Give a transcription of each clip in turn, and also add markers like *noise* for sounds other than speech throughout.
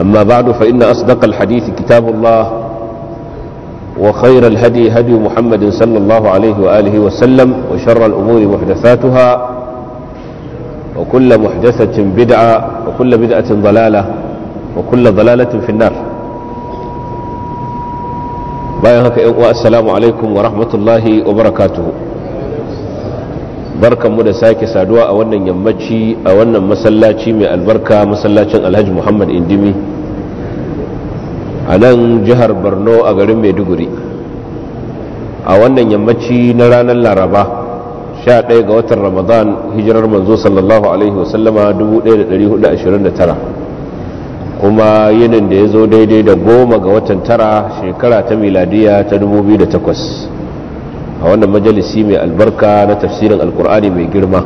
أما بعد فإن أصدق الحديث كتاب الله وخير الهدي هدي محمد صلى الله عليه وآله وسلم وشر الأمور محدثاتها وكل محدثة بدعة وكل بدعة ضلالة وكل ضلالة في النار بايهك السلام عليكم ورحمة الله وبركاته barkanmu da sake saduwa a wannan yammaci a wannan masallaci mai albarka masallacin alhaji muhammad indimi a nan jihar borno a garin maiduguri a wannan yammaci na ranar laraba 11 ga watan ramadan hijirar manzo sallallahu alaihi wasallama 1429 kuma yinin da ya zo daidai da goma ga watan tara shekara ta miladiya ta 2008 a wannan majalisi mai albarka na tafsirin alkur'ani mai girma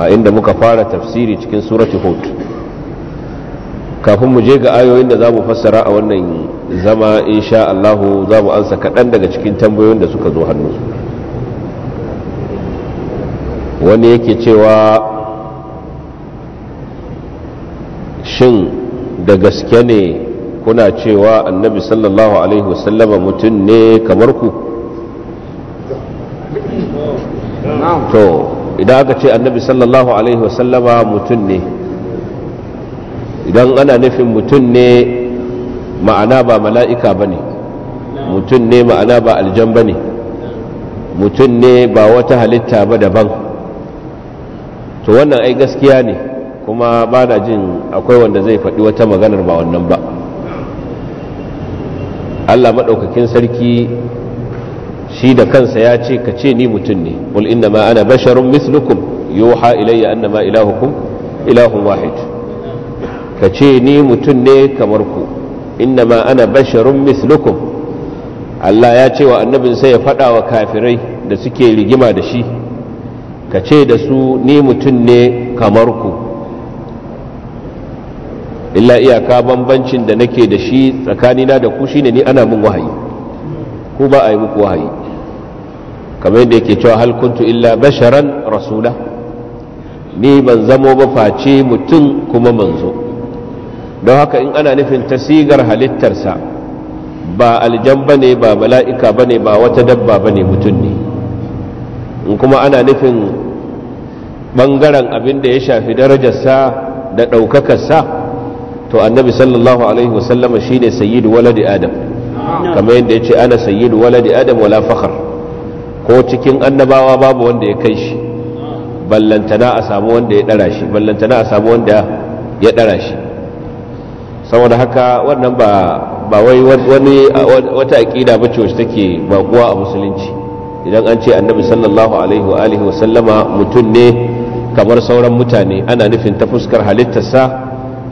a inda muka fara tafsiri cikin surati hud kafin mu je ga ayoyin da za mu fassara a wannan zama insha Allahu za mu ansa kaɗan daga cikin tambayoyin da suka zo hannu wani yake cewa shin da gaske ne kuna cewa annabi sallallahu alaihi wasallama mutum ne kamar ku to idan aka ce annabi sallallahu alaihi wasallama mutum ne idan ana nufin mutum ne ma'ana ba mala'ika ba ne mutum ne ma'ana ba aljan ba ne mutum ne ba wata halitta ba daban to wannan ai gaskiya ne kuma ba na jin akwai wanda zai faɗi wata maganar ba wannan ba allah maɗaukakin sarki shi da kansa ya ce ka ce ni mutum ne qul inna ma ana basharun mislukum yuha ilayya annama ilahukum ilahun wahid ka ce ni mutum ne kamar ku inna ma ana basharun mislukum Allah ya ce wa annabin sai ya faɗa wa kafirai da suke rigima da shi ka ce da su ni mutum ne kamar ku illa iyaka bambancin da nake da shi tsakanina da ku shine ni ana mun wahayi ko ba a yi muku wahayi kamar yadda yake cewa hal kuntu illa basharan rasula ni ban zamo ba face mutum kuma manzo don haka in ana nufin tasigar halittarsa ba aljan ba ne ba mala'ika ba ne ba wata dabba ba ne mutum ne in kuma ana nufin ɓangaren abin da ya shafi darajarsa da ɗaukakarsa to annabi sallallahu alaihi wasallama shine sayyidu waladi adam kamar yadda ya ce ana sayyidu waladi adam wala fakhar ko cikin annabawa babu wanda ya kai shi ballantana a samu wanda ya dara shi ballantana a samu wanda ya dara shi saboda haka wannan ba ba wai wani wata aqida bace wacce take baguwa a musulunci idan an ce annabi sallallahu alaihi wa alihi wa sallama mutun ne kamar sauran mutane ana nufin ta fuskar halittarsa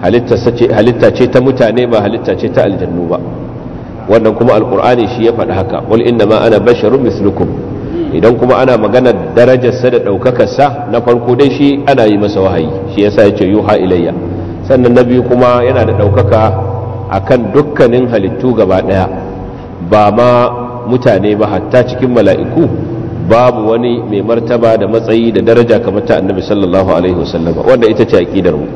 halitta ce ta mutane ba halitta ce ta aljannu ba wannan kuma alkur'ani shi ya faɗi haka wal inna ma ana basharun mislukum idan kuma ana magana darajarsa da sa na farko dai shi ana yi masa wahayi shi yasa ya ce yuha ilayya sannan na biyu kuma yana da ɗaukaka akan dukkanin halittu gaba ɗaya ba ma mutane ba hatta cikin mala'iku babu wani mai martaba da matsayi da daraja kamar ta annabi sallallahu alaihi wasallama wanda ita ce aqidar mu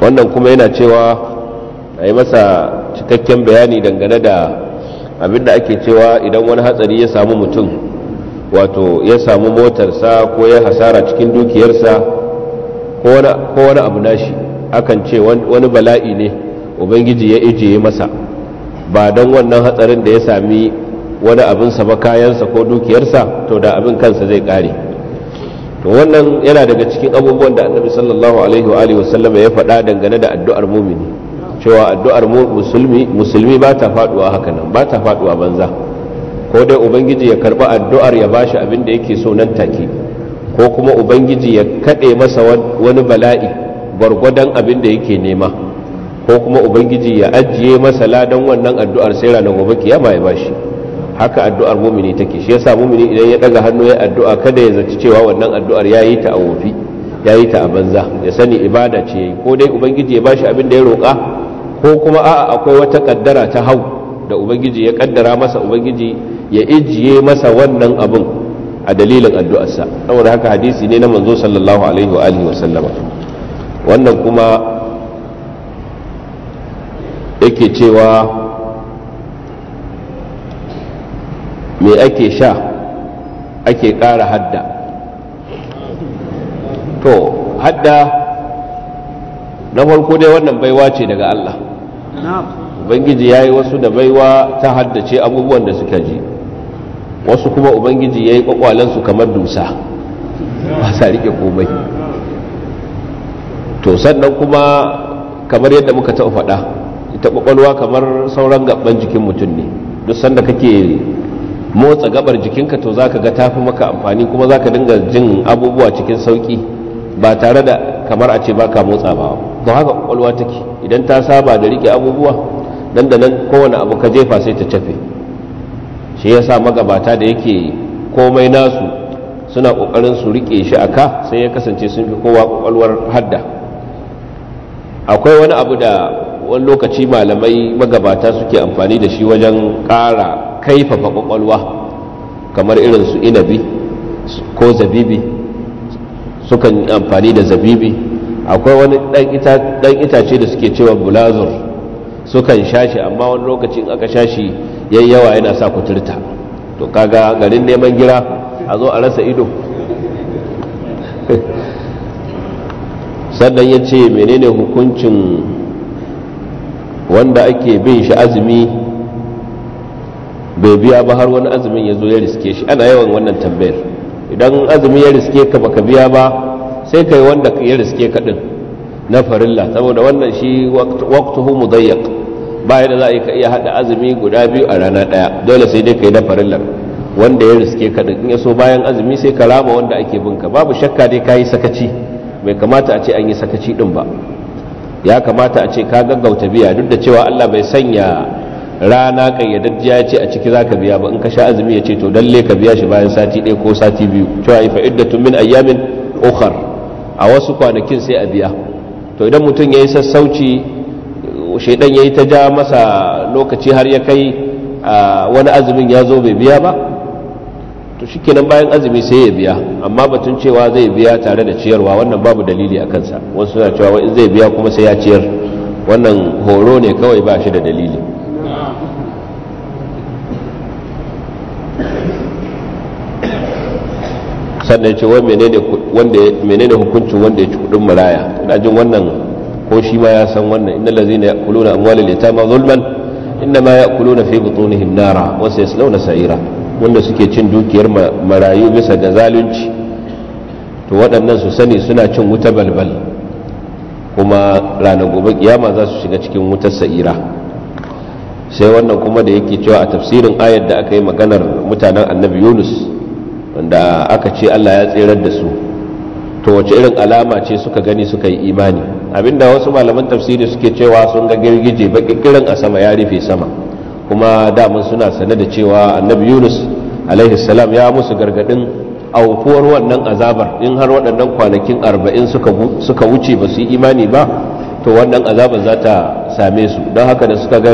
wannan kuma yana cewa a yi masa cikakken bayani dangane da abinda ake cewa idan wani hatsari ya samu mutum wato ya samu motarsa ko ya hasara cikin dukiyarsa ko wani abu nashi akan ce wani bala'i ne ubangiji ya ijiye masa ba don wannan hatsarin da ya sami wani abinsa ba kayansa ko dukiyarsa to da abin kansa zai kare to wannan yana daga cikin abubuwan da annabi sallallahu alaihi wa alihi ya faɗa dangane da addu'ar mumini cewa addu'ar musulmi musulmi ba ta faduwa haka nan ba ta faduwa banza ko dai ubangiji ya karba addu'ar ya bashi abin da yake so nan take ko kuma ubangiji ya kaɗe masa wani bala'i gwargwadon abin da yake nema ko kuma ubangiji ya ajiye masa ladan wannan addu'ar sai ranar gobe kiyama ya bashi haka addu'ar mumini take shi yasa mumini idan ya ɗaga hannu ya addu'a kada ya zaci cewa wannan addu'ar ya yi ta a wofi ya yi ta a banza ya sani ibada ce ko dai ubangiji ya bashi abin da ya roƙa ko kuma a'a akwai wata kaddara ta hau da ubangiji ya kaddara masa ubangiji ya ijiye masa wannan abin a dalilin addu'arsa saboda haka hadisi ne na manzo sallallahu alaihi wa alihi wa sallama wannan kuma yake cewa me ake sha ake ƙara hadda to hadda na farko dai wannan baiwa ce daga Allah ubangiji ya yi wasu da baiwa ta haddace abubuwan da suka ji wasu kuma ubangiji ya yi kwakwalensu kamar dusa ba sa rike komai to sannan kuma kamar yadda muka taɓa faɗa ita ƙwaƙwalwa kamar sauran gaban jikin mutum ne duk sanda kake motsa gabar jikinka to za ka ga tafi maka amfani kuma za ka dinga jin abubuwa cikin sauki ba tare da kamar a ce ba ka motsa ba don haka kwakwalwa take idan ta saba da rike abubuwa nan da nan kowane abu ka jefa sai ta cafe shi ya sa magabata da yake komai nasu suna ƙoƙarin su rike shi a ka sai ya kasance sun fi kowa ƙwaƙwalwar hadda akwai wani abu da wani lokaci malamai magabata suke amfani da shi wajen ƙara kaifafa kwakwalwa kamar irin su inabi ko zabibi sukan amfani da zabibi akwai wani ɗan itace da suke cewa bulazur sukan shashi amma wani lokacin aka shashi yawa yana sa kuturta to kaga garin neman gira a zo a rasa ido *laughs* sannan ya ce menene hukuncin wanda ake bin shi azumi bai biya ba har wani azumin ya zo ya riske shi ana yawan wannan tambayar idan azumi ya riske ka ba ka biya ba sai kai wanda ya riske ka din na farilla saboda wannan shi waqtuhu mudayyaq baya da za ka iya hada azumi guda biyu a rana daya dole sai dai kai na farilla wanda ya riske ka din in ya so bayan azumi sai ka rama wanda ake bin ka babu shakka dai kai sakaci bai kamata a ce an yi sakaci din ba ya kamata a ce ka gaggauta biya duk da cewa Allah bai sanya rana kayyadajjiya ce a ciki zaka biya ba in ka sha azumi ya ce to dalle ka biya shi bayan sati ɗaya ko sati biyu cewa fa iddatun min ayyamin ukhra a wasu kwanakin sai a biya to idan mutum ya yi sassauci shaidan ya yi ta ja masa lokaci har ya kai wani azumin ya zo bai biya ba to shi kenan bayan azumi sai ya biya amma batun cewa zai biya tare da ciyarwa wannan babu dalili a kansa wasu suna cewa in zai biya kuma sai ya ciyar wannan horo ne kawai ba shi da dalili sannan ce menene hukuncin wanda ya ci kudin maraya ina jin wannan ko shi ma ya san wannan inda na inna na amuwa amwalil ma zulman inda ma na fi butunihim nara wa sayaslawna sa'ira wanda suke cin dukiyar marayu bisa da zalunci to waɗannan su sani suna cin wuta balbal kuma ranar gobe kiyama za su shiga cikin wutar sa'ira sai wannan kuma da yake cewa a tafsirin ayar da aka yi maganar mutanen annabi yunus wanda aka ce Allah ya tserar da su to wace irin alama ce suka gani suka yi imani abinda wasu malaman tafsiri suke cewa sun ga girgije bakirkirin a sama ya rufe sama kuma damun suna sane da cewa annabi yunus alaihi salam ya musu gargadin aukuwar wannan azabar in har waɗannan kwanakin arba'in suka wuce ba su yi imani ba to wannan azabar za ta same su don haka da suka ga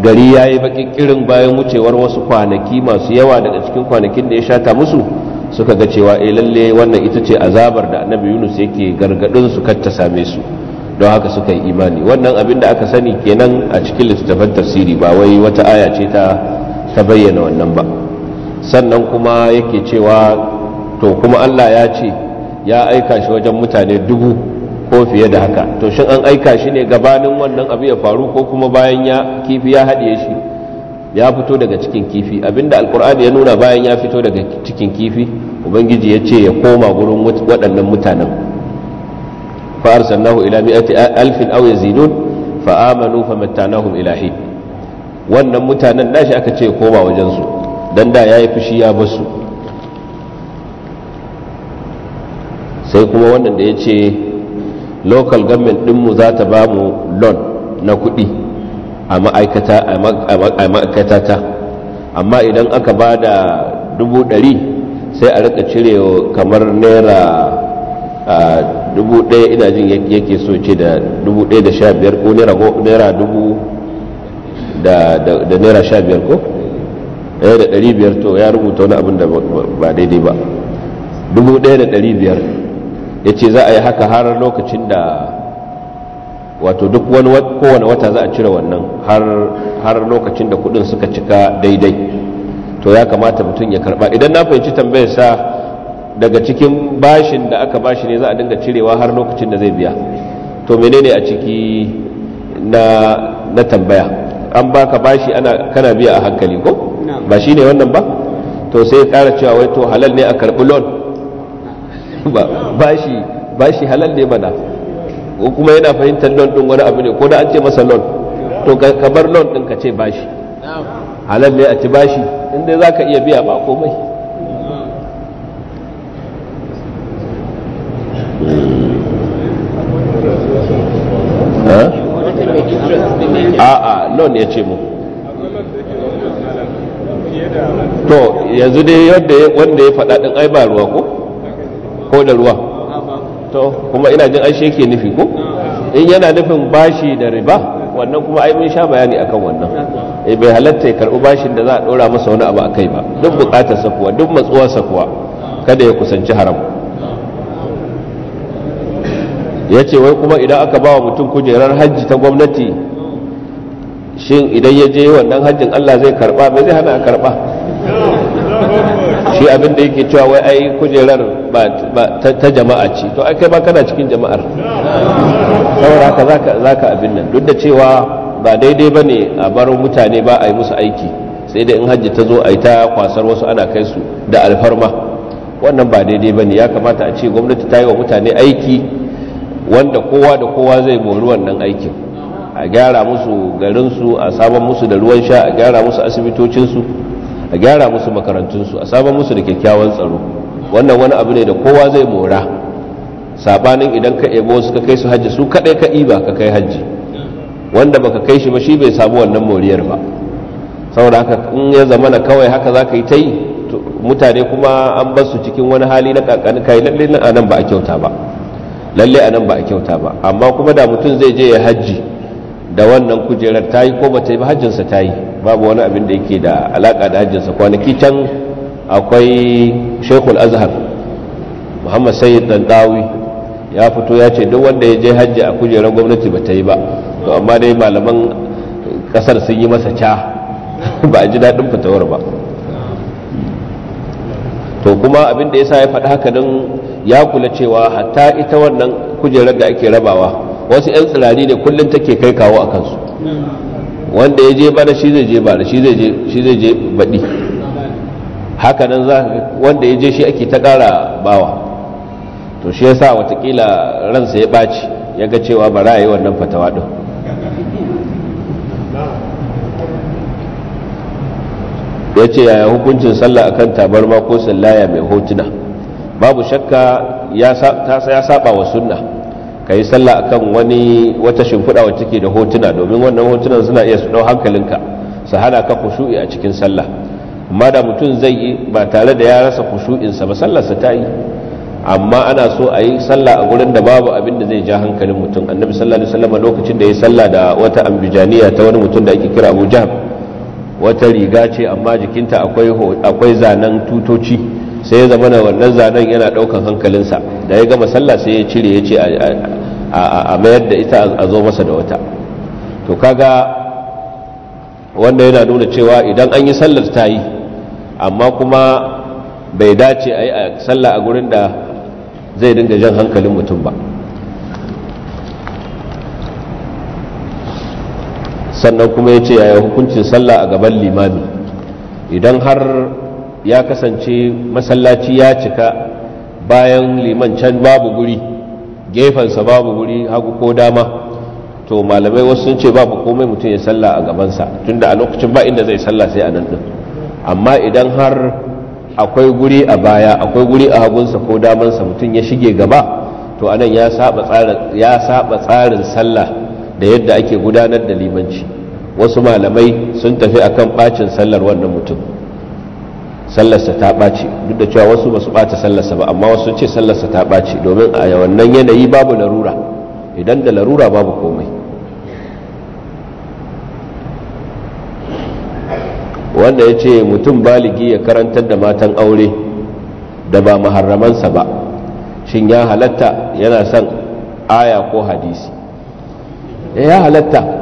gari ya yi baƙin kirin bayan wucewar wasu kwanaki masu yawa daga cikin kwanakin da ya shata musu suka ga cewa eh lalle wannan ita ce azabar da annabi yunus yake gargadin su kar ta same su don haka suka yi imani wannan abin da aka sani kenan a cikin littattafan tafsiri ba wai wata aya ce ta ta bayyana wannan ba sannan kuma yake cewa to kuma allah ya ce ya aika shi wajen mutane dubu ko fiye da haka to shin an aika shi ne gabanin wannan abu ya faru ko kuma bayan ya kifi ya haɗiye shi ya fito daga cikin kifi abinda alkur'ani ya nuna bayan ya fito daga cikin kifi ubangiji ya ce ya koma gurin waɗannan mutanen fa sannahu ila mi'ati alfin aw yazidun fa amanu fa mattanahum ilahi wannan mutanen dashi aka ce ya koma wajen su dan da yayi fushi ya basu sai kuma wannan da ya ce local government dinmu za ta ba mu loan na kuɗi a ma'aikata ta amma idan aka ba da dubu ɗari sai a rika cire kamar naira dubu ɗaya ina jin yake so ce da dubu ɗaya da sha biyar ko naira dubu da naira sha biyar ko ɗaya da ɗari biyar to ya rubuta wani abin da ba daidai ba dubu ɗaya da ɗari biyar ya ce za a yi haka har lokacin da wato duk wani kowane wata za a cire wannan har lokacin da kudin suka cika daidai to ya kamata mutum ya karba idan na fahimci tambayar sa daga cikin bashin da aka bashi ne za a dinga cirewa har lokacin da zai biya to menene a ciki na tambaya an baka bashi ana kana biya a hankali ko ba shi ne wannan ba to sai ya kara cewa wai to halal ne a karbi loan *laughs* bashi bashi halal ne mana ko kuma yana fahimtar lon din wani abu ne ko da an ce masa loan to ka bar loan din ka ce bashi halal ne a ci bashi inda za ka iya biya ba komai a'a lon ya ce mu to yanzu dai wanda ya faɗa ɗin ai ba ruwa ko ko da ruwa to kuma ina jin an yake nufi ko in yana nufin bashi da riba wannan kuma ai mun sha bayani akan wannan eh bai halatta ya karbi bashin da za a dora masa wani abu akai ba duk bukatar sa kuwa duk matsuwar sa kada ya kusanci haram yace wai kuma idan aka bawa mutum kujerar hajji ta gwamnati shin idan ya je wannan hajjin Allah zai karba bai zai hana a karba shi abin da yake cewa wai ai kujerar ta jama'a ce to ai kai ba kana cikin jama'ar saboda haka zaka abin nan duk da cewa ba daidai ba ne a bar mutane ba a yi musu aiki sai da in hajji ta zo a yi ta kwasar wasu ana kai su da alfarma wannan ba daidai ba ne ya kamata a ce gwamnati ta yi wa mutane aiki wanda kowa da kowa zai mori wannan aikin a gyara musu garinsu a sabon musu da ruwan sha a gyara musu asibitocinsu a gyara musu makarantunsu a saba musu da kyakkyawan tsaro wannan wani abu ne da kowa zai mora sabanin idan ka ebo su ka kai su hajji su kaɗai ka ba ka kai hajji wanda baka kai shi ba shi bai samu wannan moriyar ba saboda haka in ya zama na kawai haka za ka yi ta yi mutane kuma an bar su cikin wani hali na kakani kai lalle a nan ba a kyauta ba lalle a nan ba a kyauta ba amma kuma da mutum zai je ya hajji da wannan kujerar ta yi ko ba ta yi ba hajjinsa ta yi babu wani abin da yake da alaƙa da hajjinsa kwanaki can akwai shekul azhar muhammad sayyid dandawi ya fito ya ce duk wanda ya je hajji a kujerar gwamnati ba ta yi ba to amma dai malaman ƙasar sun yi masa ca *laughs* ba a ji daɗin fitowar ba to kuma abin da ya sa ya faɗi haka don ya kula cewa hatta ita wannan kujerar da ake rabawa wasu 'yan tsirari ne kullum take kai kawo a kansu wanda ya je bana shi zai je bana shi zai je baɗi hakanan za wanda ya je shi ake ta ƙara bawa to shi ya sa watakila ransa ya ɓaci ya ga cewa ba ra'ayi wannan fatawa ɗin ya ce yaya hukuncin sallah akan tabarma ko sallaya mai hotuna babu shakka ya saba wa sunna ka yi sallah akan wani wata shimfiɗa wacce ke da hotuna domin wannan hotunan suna iya su ɗau hankalinka su hana ka kushu'i a cikin sallah amma da mutum zai yi ba tare da ya rasa kushu'insa ba sallarsa ta yi amma ana so a yi sallah a gurin da babu abin da zai ja hankalin mutum annabi sallallahu alaihi wasallam lokacin da ya yi sallah da wata ambijaniya ta wani mutum da ake kira Abu jahab wata riga ce amma jikinta akwai akwai zanen tutoci sai ya zama na wannan zanen yana ɗaukan hankalinsa da ya gama sallah sai ya cire ya ce a mayar da ita a zo masa da wata to kaga wanda yana nuna cewa idan an yi sallar ta yi amma kuma bai dace a yi a sallah a gurin da zai dinga jan hankalin mutum ba sannan kuma ya ce yaya hukuncin sallah a gaban limami idan har ya kasance masallaci ya cika bayan liman can babu guri gefensa babu guri hagu ko dama to malamai wasu sun ce babu komai mutum ya salla a gabansa tunda a lokacin ba inda zai salla sai a nan din amma idan har akwai guri a baya akwai guri a hagunsa ko damansa mutum ya shige gaba to anan ya saba tsarin ya sallah da yadda ake gudanar da limanci wasu malamai sun tafi akan bacin sallar wannan mutum sallarsa ta ɓaci duk da cewa wasu basu su sallarsa ba amma wasu ce sallarsa ta ɓaci domin a wannan yanayi babu larura idan da larura babu komai wanda ya ce mutum baligi ya karantar da matan aure da ba maharramansa ba shin ya halatta yana son aya ko hadisi eh, ya halatta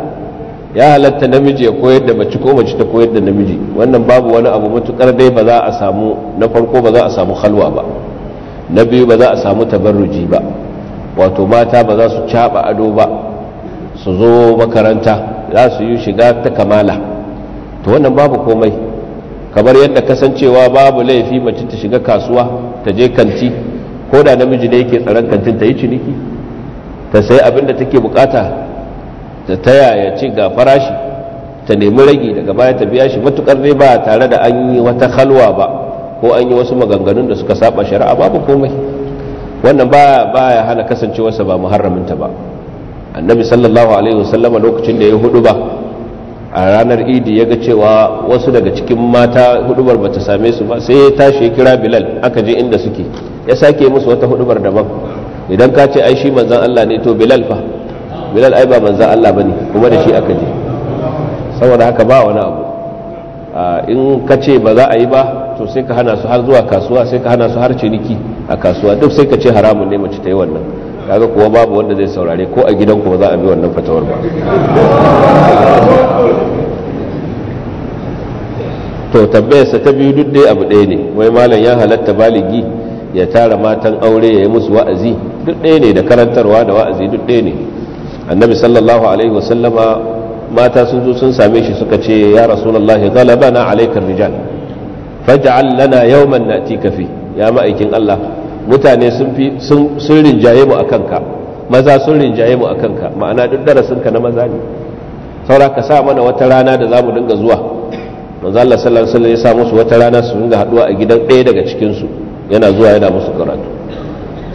ya halatta namiji ya koyar da mace ko mace ta koyar da namiji wannan babu wani abu matukar dai ba za a samu na farko ba za a samu halwa ba na biyu ba za a samu tabarruji ba wato mata ba za su caba ado ba su zo makaranta za su yi shiga ta kamala to wannan babu komai kamar yadda kasancewa babu laifi mace ta shiga kasuwa ta je kanti ko da namiji ne yake tsaron kantin ta yi ciniki ta sayi abin da take bukata ta taya ya ce ga farashi ta nemi ragi daga baya ta biya shi matukar ne ba tare da an yi wata halwa ba ko an yi wasu maganganun da suka saba shari'a babu komai wannan ba ya hana kasancewarsa ba muharraminta ba annabi sallallahu alaihi wasallama lokacin da ya hudu ba a ranar idi ya ga cewa wasu daga cikin mata hudubar ba ta same su ba sai ya tashi ya kira bilal aka je inda suke ya sake musu wata hudubar daban idan ka ce ai shi manzan allah ne to bilal fa bilal ai ba manzan Allah bane kuma da shi aka je saboda haka ba wani abu in ka ce ba za a yi ba to sai ka hana su har zuwa kasuwa sai ka hana su har ciniki a kasuwa duk sai ka ce haramun ne mace ta yi wannan kaga kuwa babu wanda zai saurare ko a gidan ba za a bi wannan fatawar ba to tambayarsa ta biyu duk dai abu ɗaya ne wai malam ya halatta baligi ya tara matan aure ya yi musu wa'azi duk ɗaya ne da karantarwa da wa'azi duk ɗaya ne annabi sallallahu alaihi wasallama mata sun zo sun same shi suka ce ya rasulullahi ghalabana alaikar rijal faj'al lana yawman natika fi ya ma'aikin Allah mutane sun fi sun rinjaye mu akan ka maza sun rinjaye mu akan ka ma'ana duk darasin ka na maza ne saura ka sa mana wata rana da zamu dinga zuwa manzo Allah sallallahu alaihi wasallam ya sa musu wata rana su dinga haduwa a gidan ɗaya daga cikin su yana zuwa yana musu karatu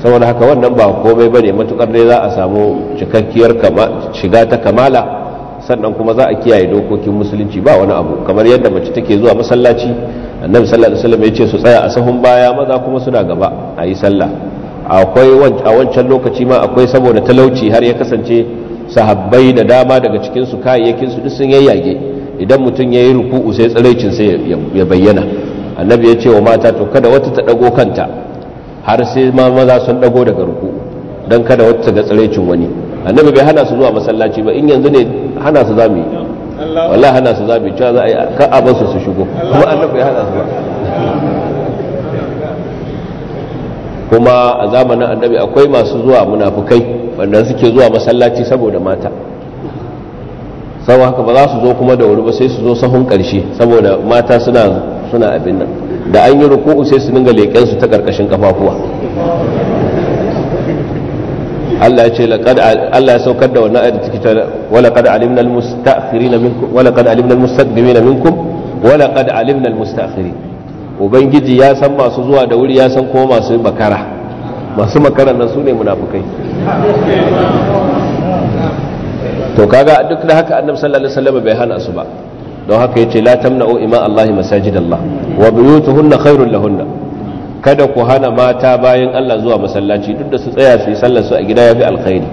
saboda haka wannan ba komai ba ne matukar dai za a samu cikakkiyar shiga ta kamala sannan kuma za a kiyaye dokokin musulunci ba wani abu kamar yadda mace take zuwa masallaci annabi sallallahu alaihi wasallam ya ce su tsaya a sahun baya maza kuma suna gaba a yi sallah akwai a wancan lokaci ma akwai saboda talauci har ya kasance sahabbai da dama daga cikin su kayayyakin su duk sun yayyage idan mutum yayi ruku'u sai tsiraicin sai ya bayyana annabi ya ce wa mata to kada wata ta dago kanta har sai ma maza sun dago daga ruku don kada wata ga tsiraicin wani annabi bai hana su zuwa masallaci ba in yanzu ne hana su zami yi wallahi hana su zami yi cewa za a yi ka a su shigo kuma annabi hana su ba kuma a zamanin annabi akwai masu zuwa munafukai wanda suke zuwa masallaci saboda mata sau haka ba za su zo kuma da wuri ba sai su zo sahun ƙarshe saboda mata suna abin nan da an yi ruku'u sai su dinga leƙen su ta ƙarƙashin kafafuwa Allah ya ce Allah ya saukar da wannan ayat cikin ta wala qad alimna al musta'khirina minkum wala qad alimna al minkum wala qad alimna al ubangiji ya san masu zuwa da wuri ya san kuma masu makara masu makara nan su ne munafukai to kaga duk da haka annabi sallallahu alaihi wasallam bai hana su ba don haka ce la iman ima Allah masajid Allah wa buyutuhunna khairul lahunna kada ku hana mata bayan Allah zuwa masallaci duk da su tsaya su yi sallar su a gida yafi alkhairi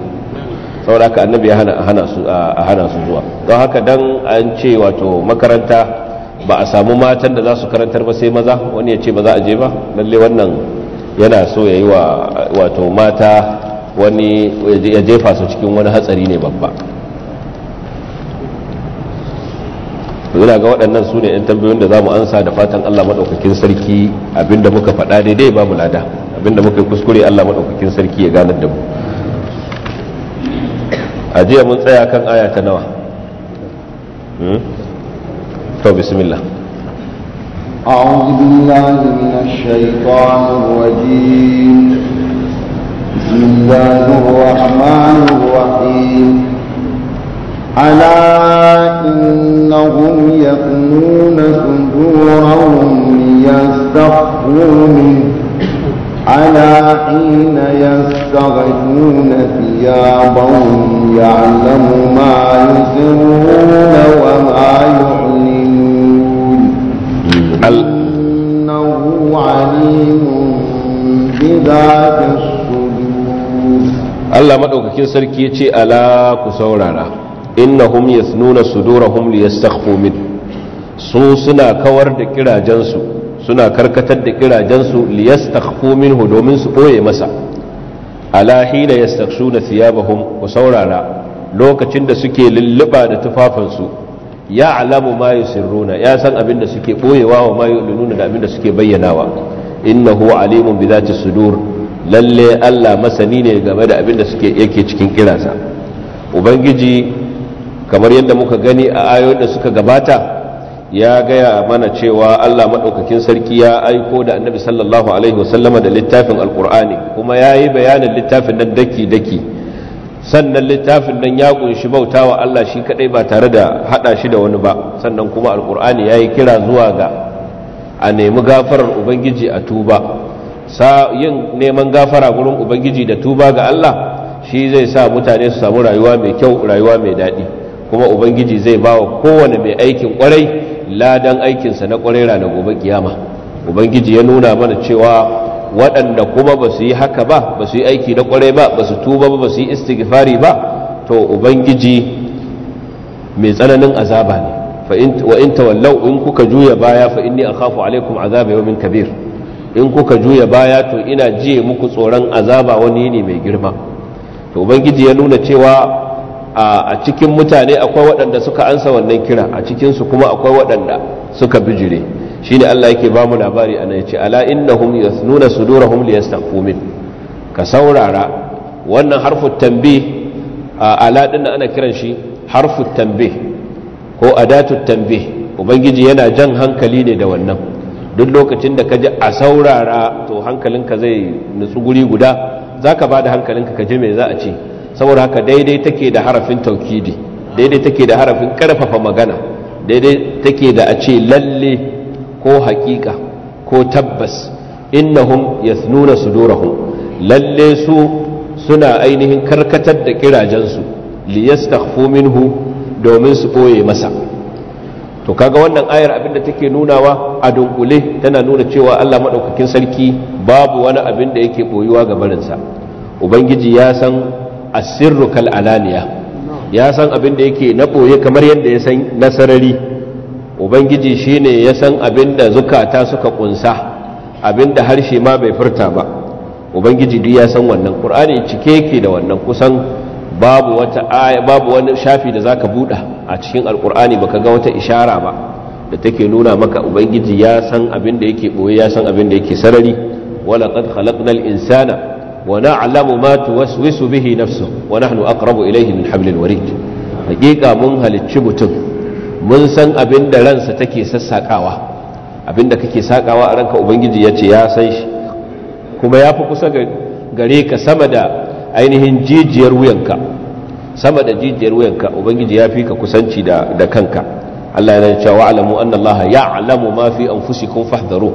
saboda haka annabi ya hana su a hana su zuwa don haka dan an ce wato makaranta ba a samu matan da za su karantar ba sai maza wani ya ce ba za a je ba lalle wannan yana so ya yi wa wato mata wani ya jefa su cikin wani hatsari ne babba muna ga waɗannan su ne 'yan tambayoyin da za mu ansa da fatan allah maɗaukakin sarki abinda muka faɗa daidai ba mu lada abinda muka yi kuskure allah maɗaukakin sarki ya ganar da mu a jiya mun tsaya kan aya ta nawa hmm? to bismillah أعوذ بالله من الشيطان الرجيم بسم الله الرحمن الرحيم ألا وهم يقنون صدورهم ليستخفوا منه على حين يستغشون ثيابهم يعلم ما يسرون وما يعلنون إنه عليم بذات الصدور الله مدعوك سرك سركي على كسورنا innahum yasnuna sudurahum liyastakhfu min su suna kawar da kirajensu suna karkatar da kirajensu liyastakhfu minhu domin su boye masa ala hina yastakhshuna thiyabahum ku saurara lokacin da suke lulluba da tufafansu ya alamu ma yusirruna ya san abin da suke boyewa wa ma yu'linuna da abin da suke bayyanawa innahu alimun bi sudur lalle Allah masani ne game da abin da suke yake cikin kirasa ubangiji kamar yadda muka gani a ayoyin da suka gabata ya gaya mana cewa Allah maɗaukakin sarki ya aiko da annabi sallallahu alaihi wasallama da littafin alkur'ani kuma ya yi bayanin littafin nan daki-daki sannan littafin nan ya ƙunshi bautawa Allah shi kaɗai ba tare da haɗa shi da wani ba sannan kuma alkur'ani ya yi kira zuwa ga a nemi gafarar ubangiji a tuba sa yin neman gafara gurin ubangiji da tuba ga Allah shi zai sa mutane su samu rayuwa mai kyau rayuwa mai daɗi kuma ubangiji zai ba wa kowane mai aikin kwarai ladan aikinsa na kwarai ranar gobe kiyama ubangiji ya nuna mana cewa waɗanda kuma ba su yi haka ba ba su yi aiki na kwarai ba ba su tuba ba ba su yi istighfari ba to ubangiji mai tsananin azaba ne wa in tawallau in kuka juya baya fa inni akhafu alaikum azaba yawmin kabir in kuka juya baya to ina jiye muku tsoron azaba wani ne mai girma to ubangiji ya nuna cewa a cikin mutane akwai waɗanda suka ansa wannan kira a cikinsu kuma akwai waɗanda suka bijire shi ne Allah yake bamu labari a nan ce ala innahum yasnuna sudurahum liyastaqu min ka saurara wannan harfut tambi ala din ana kiran shi harfu tambi ko adatu tambi ubangiji yana jan hankali ne da wannan duk lokacin da ka ji a saurara to hankalinka zai nutsu guri guda zaka bada hankalinka ka je me za a ce saboda haka daidai take da harafin taukidi daidai take da harafin karfafa magana daidai take da a ce lalle ko hakika ko tabbas innahum yathnuna sudurahum lalle su suna ainihin karkatar da kirajensu liyastakhfu minhu domin su boye masa to kaga wannan ayar abinda take nunawa a dunkule tana nuna cewa Allah madaukakin sarki babu wani abin da yake boyuwa ga barinsa ubangiji ya san asirru kal alaniya ya san abin da yake na boye kamar yadda ya san nasarari sarari ubangiji shine ya san abin da zukata suka kunsa abin da harshe ma bai furta ba ubangiji duk ya san wannan qur'ani cike yake da wannan kusan babu wata aya babu wani shafi da zaka buɗa a cikin alqur'ani baka ga wata ishara ba da take nuna maka ubangiji ya san abin da yake boye ya san abin da yake sarari wala qad khalaqnal insana ونعلم ما توسوس به نفسه ونحن أقرب إليه من حبل الوريد حقيقة من هل تشبتم من سن أبن دلن ستكي سساكاوا أبن دكي ساكاوا أرنك أبنجي يتي يا سيش كما يافق ساق غريك سمد ainihin jijiyar wuyanka sama da jijiyar wuyanka ubangiji ya fi ka kusanci da kanka Allah ya cewa alamu anna Allah ya'lamu ma fi anfusikum fahdharu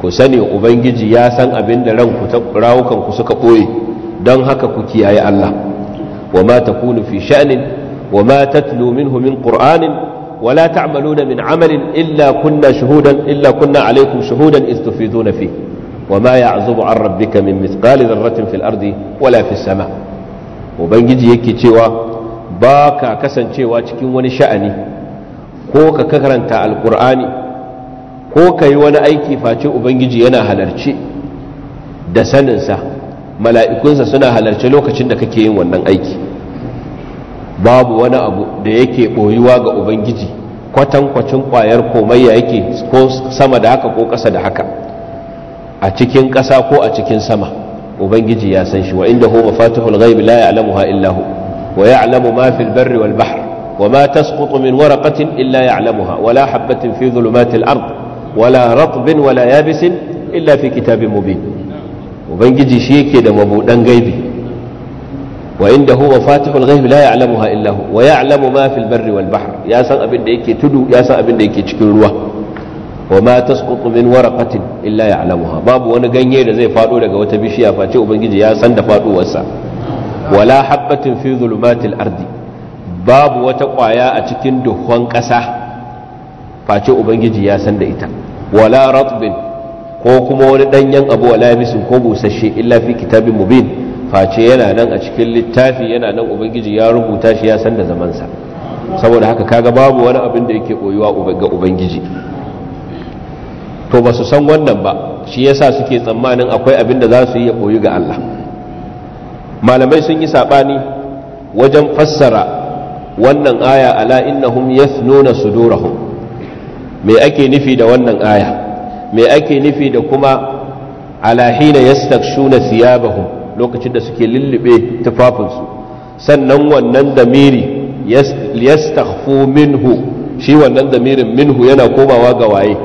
ku sani ubangiji ya san abin da ranku ta rawukanku suka ɓoye don haka ku kiyaye Allah wa ma kunu fi sha'nin wa ma tatlu minhu min qur'anin wa la ta'maluna min amalin illa kunna shuhudan illa kunna shuhudan iz tufiduna fi wa ma an rabbika min mithqali zarratin fil ardi wala sama ubangiji yake cewa ba ka kasancewa cikin wani sha'ani ko ka karanta alqur'ani ko ka yi wani aiki face ubangiji yana halarci da saninsa mala'ikunsa suna halarci lokacin da kake yin wannan aiki babu wani abu da yake ɓoyuwa ga ubangiji kwatankwacin ƙwayar komayya yake ko sama da haka ko ƙasa da haka a cikin ƙasa ko a cikin sama ubangiji ya san shi wa inda hu mafatihul ghaibi la ya'lamuha illa hu wa ya'lamu ma fil barri wal bahr wa ma tasqutu min waraqatin illa ya'lamuha wa la habatin fi dhulumatil ard wala ratbin wala yabisin illa fi kitabin mubin ubangiji shi yake da mabuɗan gaibi wa huwa fatihul ghaib la ya'lamuha illa hu wa ya'lamu ma fil barri wal ya san abin da yake tudu ya san abin da yake cikin ruwa wa ma tasqutu min waraqatin illa ya'lamuha babu wani ganye da zai fado daga wata bishiya face ubangiji ya san wala habatin fi ardi babu wata kwaya a cikin duhon ƙasa face ubangiji ya san da ita wala ratbin ko kuma wani danyen abu wala misin ko busasshe illa fi kitabin mubin face yana nan a cikin littafi yana nan ubangiji ya rubuta shi ya san da zamansa saboda haka kaga babu wani abin da yake koyuwa ga ubangiji to ba su san wannan ba shi yasa suke tsammanin akwai abin da za su yi ya koyi ga Allah malamai sun yi sabani wajen fassara wannan aya ala innahum yathnuna sudurahum me ake nufi da wannan aya me ake nufi da kuma alahina yastakshuna thiyabahum lokacin da suke lullube tufafinsu sannan wannan damiri yastakhfu minhu shi wannan damirin minhu yana komawa ga waye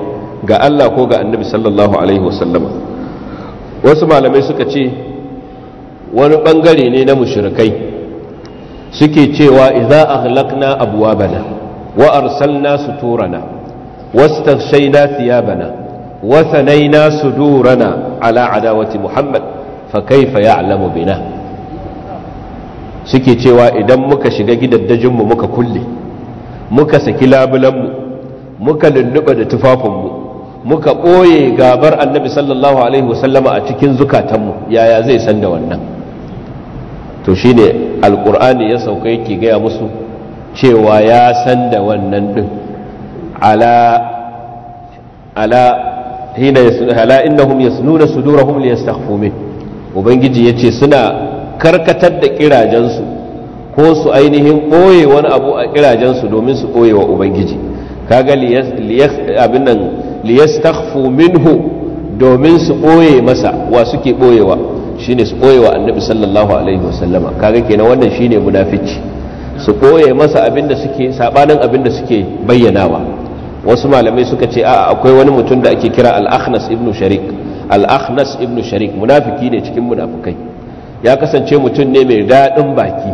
ga Allah ko ga Annabi sallallahu alaihi wasallama wasu malamai suka ce wani bangare ne na mushrikai suke cewa idza aghlaqna abwabana wa arsalna suturana واستغشينا ثيابنا وثنينا صدورنا على عداوة محمد فكيف يعلم بنا suke cewa idan muka shiga gidaddajinmu muka kulle muka saki labulanmu muka lulluɓa da tufafinmu muka ɓoye gabar annabi sallallahu alaihi wasallama a cikin zukatanmu yaya zai san da wannan to shine alƙur'ani ya sauka yake gaya musu cewa ya san da wannan ɗin ala ala hina ala innahum yasnuna sudurahum liyastakhfu min ubangiji yace suna karkatar da kirajensu ko su ainihin boye wani abu a kirajensu domin su boye wa ubangiji kaga abin liyastakhfu minhu domin su ɓoye masa wa suke boyewa shine su ɓoye wa annabi sallallahu alaihi wasallama kaga kenan wannan shine munafici su ɓoye masa abinda suke sabanin abinda suke bayyanawa wasu malamai suka ce a akwai wani mutum da ake kira al-akhnas ibn sharik al-akhnas ibn sharik munafiki ne cikin munafikai ya kasance mutum ne mai daɗin baki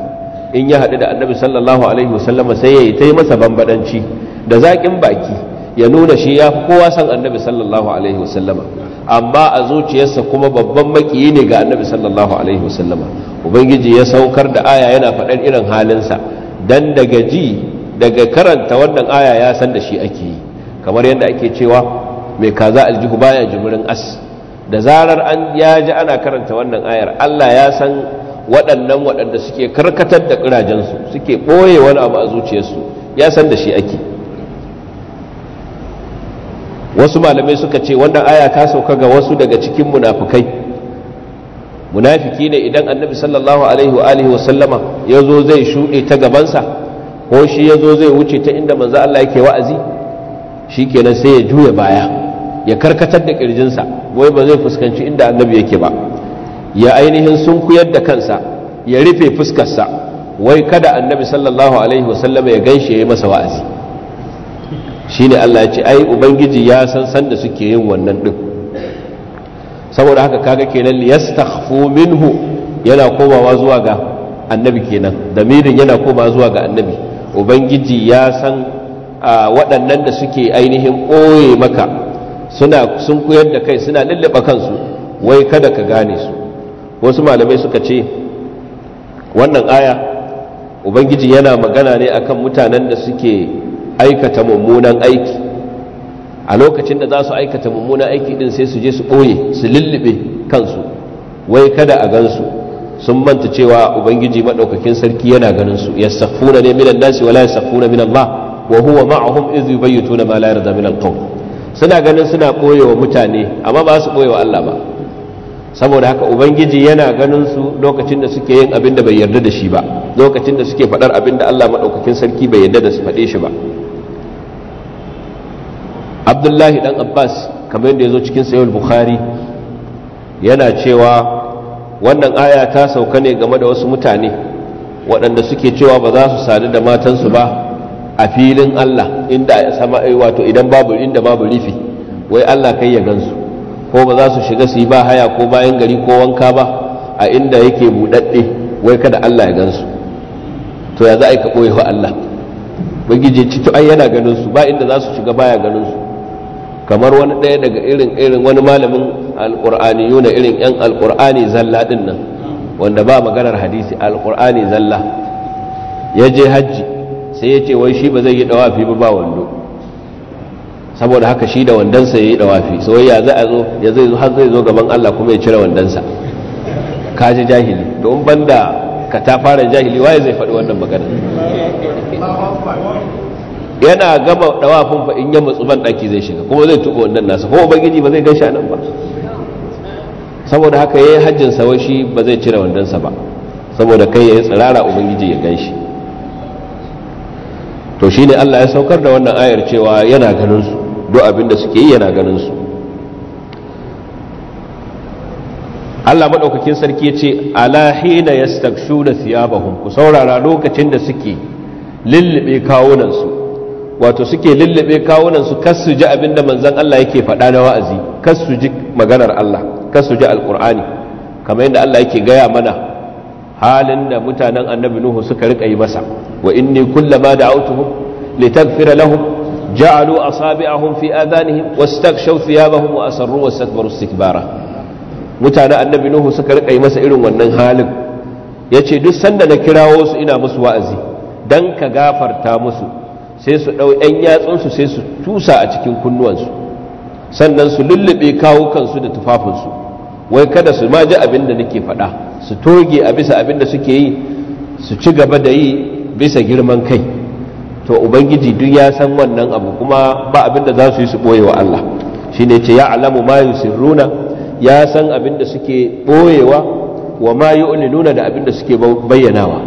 in ya haɗu da annabi sallallahu alaihi wasallam sai ya yi ta masa bambadanci da zaƙin baki ya nuna shi ya kowa san annabi sallallahu alaihi wasallam amma a zuciyarsa kuma babban makiyi ne ga annabi sallallahu alaihi wasallam ubangiji ya saukar da aya yana faɗar irin halinsa dan daga ji daga karanta wannan aya ya san da shi ake yi kamar yadda ake cewa mai kaza aljihu baya jimirin as da zarar an ya ji ana karanta wannan ayar Allah ya san waɗannan waɗanda suke karkatar da ƙirajensu suke ɓoye wani abu a zuciyarsu ya san da shi ake wasu malamai suka ce wannan aya ta sauka ga wasu daga cikin munafukai munafiki ne idan annabi sallallahu alaihi wa alihi ya zo zai shuɗe ta gabansa ko shi ya zo zai wuce ta inda manzo Allah yake wa'azi shi kenan sai ya juya baya ya karkatar da kirjinsa wai ba zai fuskanci inda annabi yake ba ya ainihin sunkuyar da kansa ya rufe fuskarsa wai kada annabi sallallahu alaihi wasallam ya yi ya masa wa'azi shine Allah ya ce ai ubangiji ya san san da suke yin wannan din saboda haka kaga kenan liyastakhfu minhu yana komawa zuwa ga annabi kenan damirin yana komawa zuwa ga annabi ubangiji ya san waɗannan da suke ainihin ɓoye maka suna sun koyar da kai suna lullaba kansu wai kada ka gane su wasu malamai suka ce wannan aya ubangiji yana magana ne akan mutanen da suke aikata mummunan aiki a lokacin da za su aikata mummunan aiki din sai su je su ɓoye su lullube kansu wai kada a gansu sun manta cewa ubangiji madaukakin sarki yana ganin su yastaghfuna ne minan nasi wala yastaghfuna min Allah wa huwa ma'ahum iz yubayyituna ma la yarda min suna ganin suna koyewa mutane amma ba su koyewa Allah ba saboda haka ubangiji yana ganin su lokacin da suke yin abin da bai yarda da shi ba lokacin da suke faɗar abin da Allah madaukakin sarki bai yarda da su faɗe shi ba Abdullahi dan Abbas kamar yadda ya zo cikin Sahih Bukhari yana cewa wannan aya ta sauka ne game da wasu mutane waɗanda suke cewa ba za su sadu da matansu ba a filin Allah inda sama wato idan babu inda babu rifi wai Allah kai ya gansu ko ba za su shiga su yi ba haya ko bayan gari ko wanka ba a inda yake buɗaɗɗe wai kada Allah ya gansu to ya za a yi ka ɓoye wa Allah ci cito ai yana ganin su ba inda za su shiga baya ganin su kamar wani ɗaya daga irin irin wani malamin alƙur'ani yuna irin 'yan alƙur'ani zalla ɗin nan wanda ba maganar hadisi alƙur'ani zalla ya je hajji sai ya ce wai shi ba zai yi ɗawafi ba ba wando saboda haka shi da wandonsa ya yi ɗawafi so ya a zo ya zai zo har zai zo gaban allah kuma ya cire wandonsa ka ji jahili don banda ka ta fara jahili waye zai faɗi wannan magana yana gaba dawafin fa in ya mutsu ban daki zai shiga kuma zai tuko wannan nasa ko ubangiji ba zai gashi nan ba saboda haka yayin hajjin sa shi ba zai cire wannan sa ba saboda kai yayin tsirara ubangiji ya ganshi to shine Allah ya saukar da wannan ayar cewa yana ganin su duk abin da suke yi yana ganin su Allah madaukakin sarki ya ce ala hina yastakshuna thiyabahum ku saurara lokacin da suke lullube su. wato suke lullube kawunan su kas su ji abin da manzon Allah yake faɗa na wa'azi kas su ji maganar Allah kas su ji alqur'ani kamar yadda Allah yake gaya mana halin da mutanen annabi nuhu suka rika yi masa wa inni kullama da'awtuhum litaghfira lahum جعلوا أصابعهم في آذانهم واستغشوا ثيابهم وأسروا mutanen annabi nuhu suka rika yi masa irin wannan halin yace duk sanda na kirawo su ina musu wa'azi dan ka gafarta musu sai su ɗau 'yan yatsunsu sai su tusa a cikin kunnuwansu sannan su lullube kawo kansu da tufafinsu wai kada su ma ji abin da nake faɗa su toge a bisa abin da suke yi su ci gaba da yi bisa girman kai to ubangiji duk ya san wannan abu kuma ba abin da za su yi su ɓoye wa Allah shi ne ce ya alamu ma sirruna ya san abin da suke ɓoyewa wa ma nuna da abin da suke bayyanawa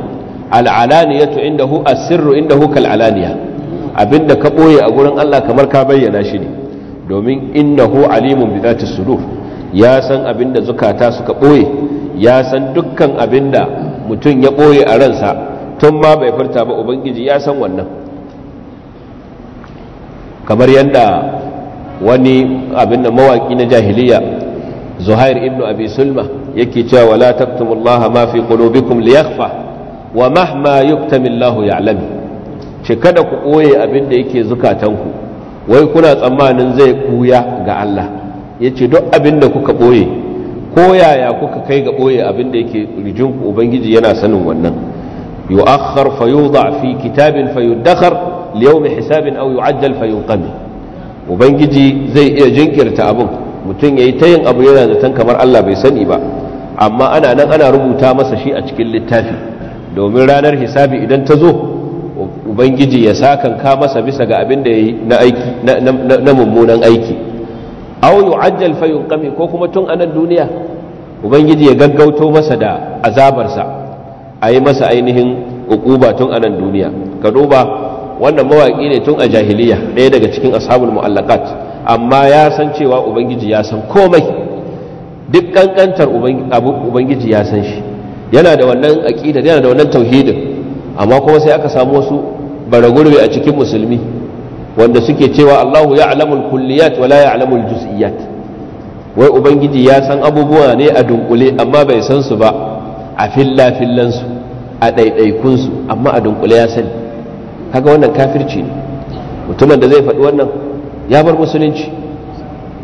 al'alaniyatu sirru asirru hu kal'alaniya abinda ka ɓoye a gurin Allah kamar ka bayyana shi ne domin innahu alimun bi zati sudur ya san abinda zukata suka ɓoye ya san dukkan abinda mutum ya ɓoye a ransa tun ma bai furta ba ubangiji ya san wannan kamar yadda wani abinda mawaki na jahiliya zuhair ibn abi sulma yake cewa wala taqtumullaha ma fi qulubikum liyakhfa wa mahma yuktamillahu ya'lamu ce kada ku ɓoye abin da yake zukatanku wai kuna tsammanin zai buya ga Allah ya ce duk abin da kuka ɓoye ko yaya kuka kai ga ɓoye abin da yake rijinku ubangiji yana sanin wannan yu'akhkhar fa yudha fi kitabin fa yudakhar li yawmi hisabin aw yu'ajjal fa yunqami ubangiji zai iya jinkirta abin mutum yayi ta yin abu yana zaton kamar Allah bai sani ba amma ana nan ana rubuta masa shi a cikin littafi domin ranar hisabi idan ta zo ubangiji ya sakanka masa bisa ga abin da ya yi na mummunan aiki au yu'ajjal fa yunqami ko kuma tun anan duniya ubangiji ya gaggauto masa da azabarsa a yi masa ainihin ukuba tun anan duniya ka duba wannan mawaki ne tun a jahiliya ɗaya daga cikin ashabul mu'allaqat amma ya san cewa ubangiji ya san komai duk kankantar ubangiji ya san shi yana da wannan aqidar yana da wannan tauhidin amma kuma sai aka samu wasu bara gurbi a cikin musulmi wanda suke cewa Allahu ya'lamul kulliyat wala ya'lamul juz'iyat wai ubangiji ya san abubuwa ne a dunkule amma bai san su ba a filla fillan su a ɗaiɗaikun su amma a dunkule ya sani kaga wannan kafirci ne mutumin da zai faɗi wannan ya bar musulunci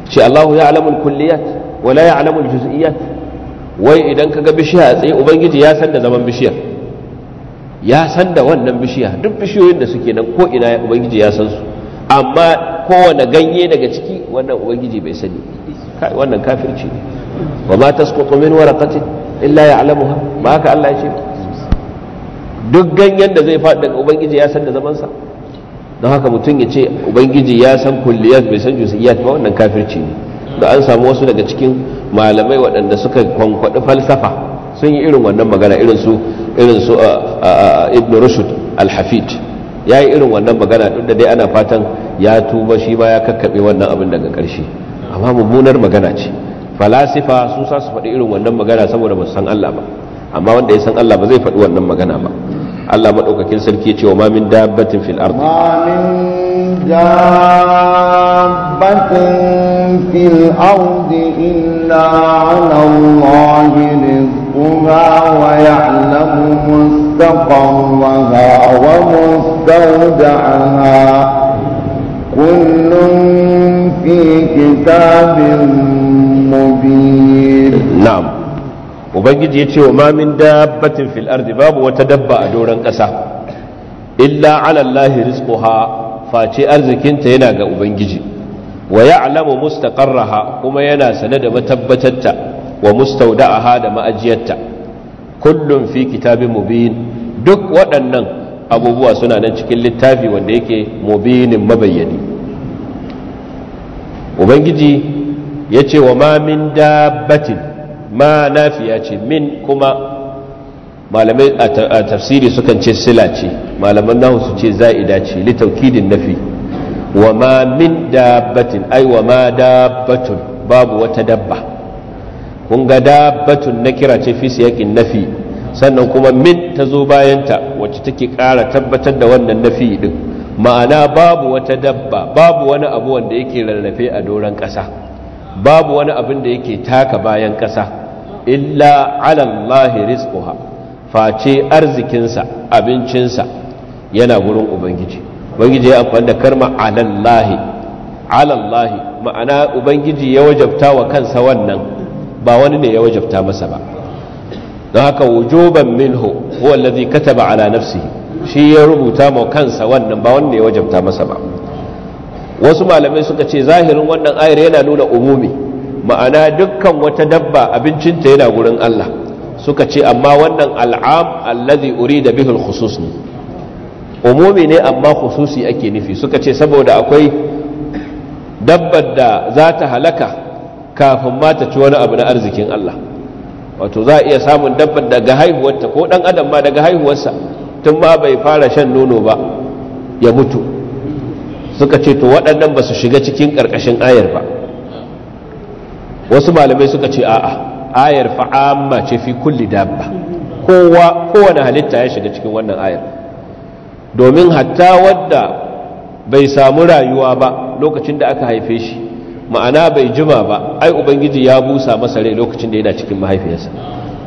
ce Allahu ya'lamul kulliyat wala ya'lamul juz'iyat wai idan kaga bishiya tsaye ubangiji ya san da zaman bishiyar ya san da wannan bishiya duk bishiyoyin da suke nan ko ina ubangiji ya san su amma kowane ganye daga ciki wannan ubangiji bai sani wannan kafirci ne wa ma tasqutu min waraqatin illa ya'lamuha ba haka Allah ya ce duk ganyen da zai faɗi daga ubangiji ya san da zaman sa don haka mutum ya ce ubangiji ya san kulliyat bai san jusiyat ba wannan kafirci ne da an samu wasu daga cikin malamai waɗanda suka kwankwaɗi falsafa sun yi irin wannan magana irin su irin su uh, uh, ibn rushd al-hafid ya yi irin wannan magana duk da dai ana fatan ya tuba shi ba ya kakabe wannan abin daga karshe amma mummunar magana ce falasifa su sa su faɗi irin wannan magana saboda ba san Allah ba amma wanda ya san Allah ba zai faɗi wannan magana ba Allah maɗaukakin sarki ya ce wa mamin dabbatin fil ardi دابة في مُقَامَتُهَا وَيَعْلَمُ مُسْتَقَرَّهَا وَمُسْتَوْدَعَهَا كُلٌّ فِي كِتَابٍ مُبِينٍ نعم وبنجد يتي وما من دابة في الأرض باب وتدبى دورا قسا إلا على الله رزقها فاتي انت تينا وبنجد ويعلم مستقرها وما ينا سند وتبتتا wa mustaudaha da ma'ajiyarta kullum fi kitabin mubin duk waɗannan abubuwa suna nan cikin littafi wanda yake mubinin mabayyani ubangiji ya ce wa ma min dabbatin ma nafiya ce min kuma malamai a tafsiri sukan ce sila ce malaman nahu su ce za'ida ce litaukidin nafi wa ma min dabbatin ai wa ma dabbatun babu wata dabba kun ga dabbatun kira ce fi siyakin nafi sannan kuma min ta zo bayanta wacce take kara tabbatar da wannan nafi din ma'ana babu wata dabba babu wani abu wanda yake rarrafe a doron ƙasa babu wani abin da yake taka bayan ƙasa illa lahi rizquha face arzikinsa abincinsa yana gurin ubangiji ubangiji ya amfani da karma ala lahi ma'ana ubangiji ya wajabta wa kansa wannan ba wani ne ya wajabta masa ba don haka wujuban minhu huwa allazi kataba ala nafsihi shi ya rubuta ma kansa wannan ba wani ne ya wajabta masa ba wasu malamai suka ce zahirin wannan ayar yana nuna umumi ma'ana dukkan wata dabba abincinta yana gurin Allah suka ce amma wannan al'am allazi urida bihul khusus ne umumi ne amma khususi ake nufi suka ce saboda akwai dabbar da za ta halaka kafin ma ta ci wani abu na arzikin Allah wato za a iya samun dabbar daga haihuwarta ko dan adam ma daga haihuwarsa tun ma bai fara shan nono ba ya mutu suka ce to waɗannan ba su shiga cikin ƙarƙashin ayar ba wasu malamai suka ce a'a ayar fa'amma ce fi kulli dabba kowa kowane halitta ya shiga cikin wannan ayar domin hatta wadda bai samu rayuwa ba lokacin da aka haife shi ma'ana bai jima ba ai ubangiji ya busa masa rai lokacin da yana cikin mahaifiyarsa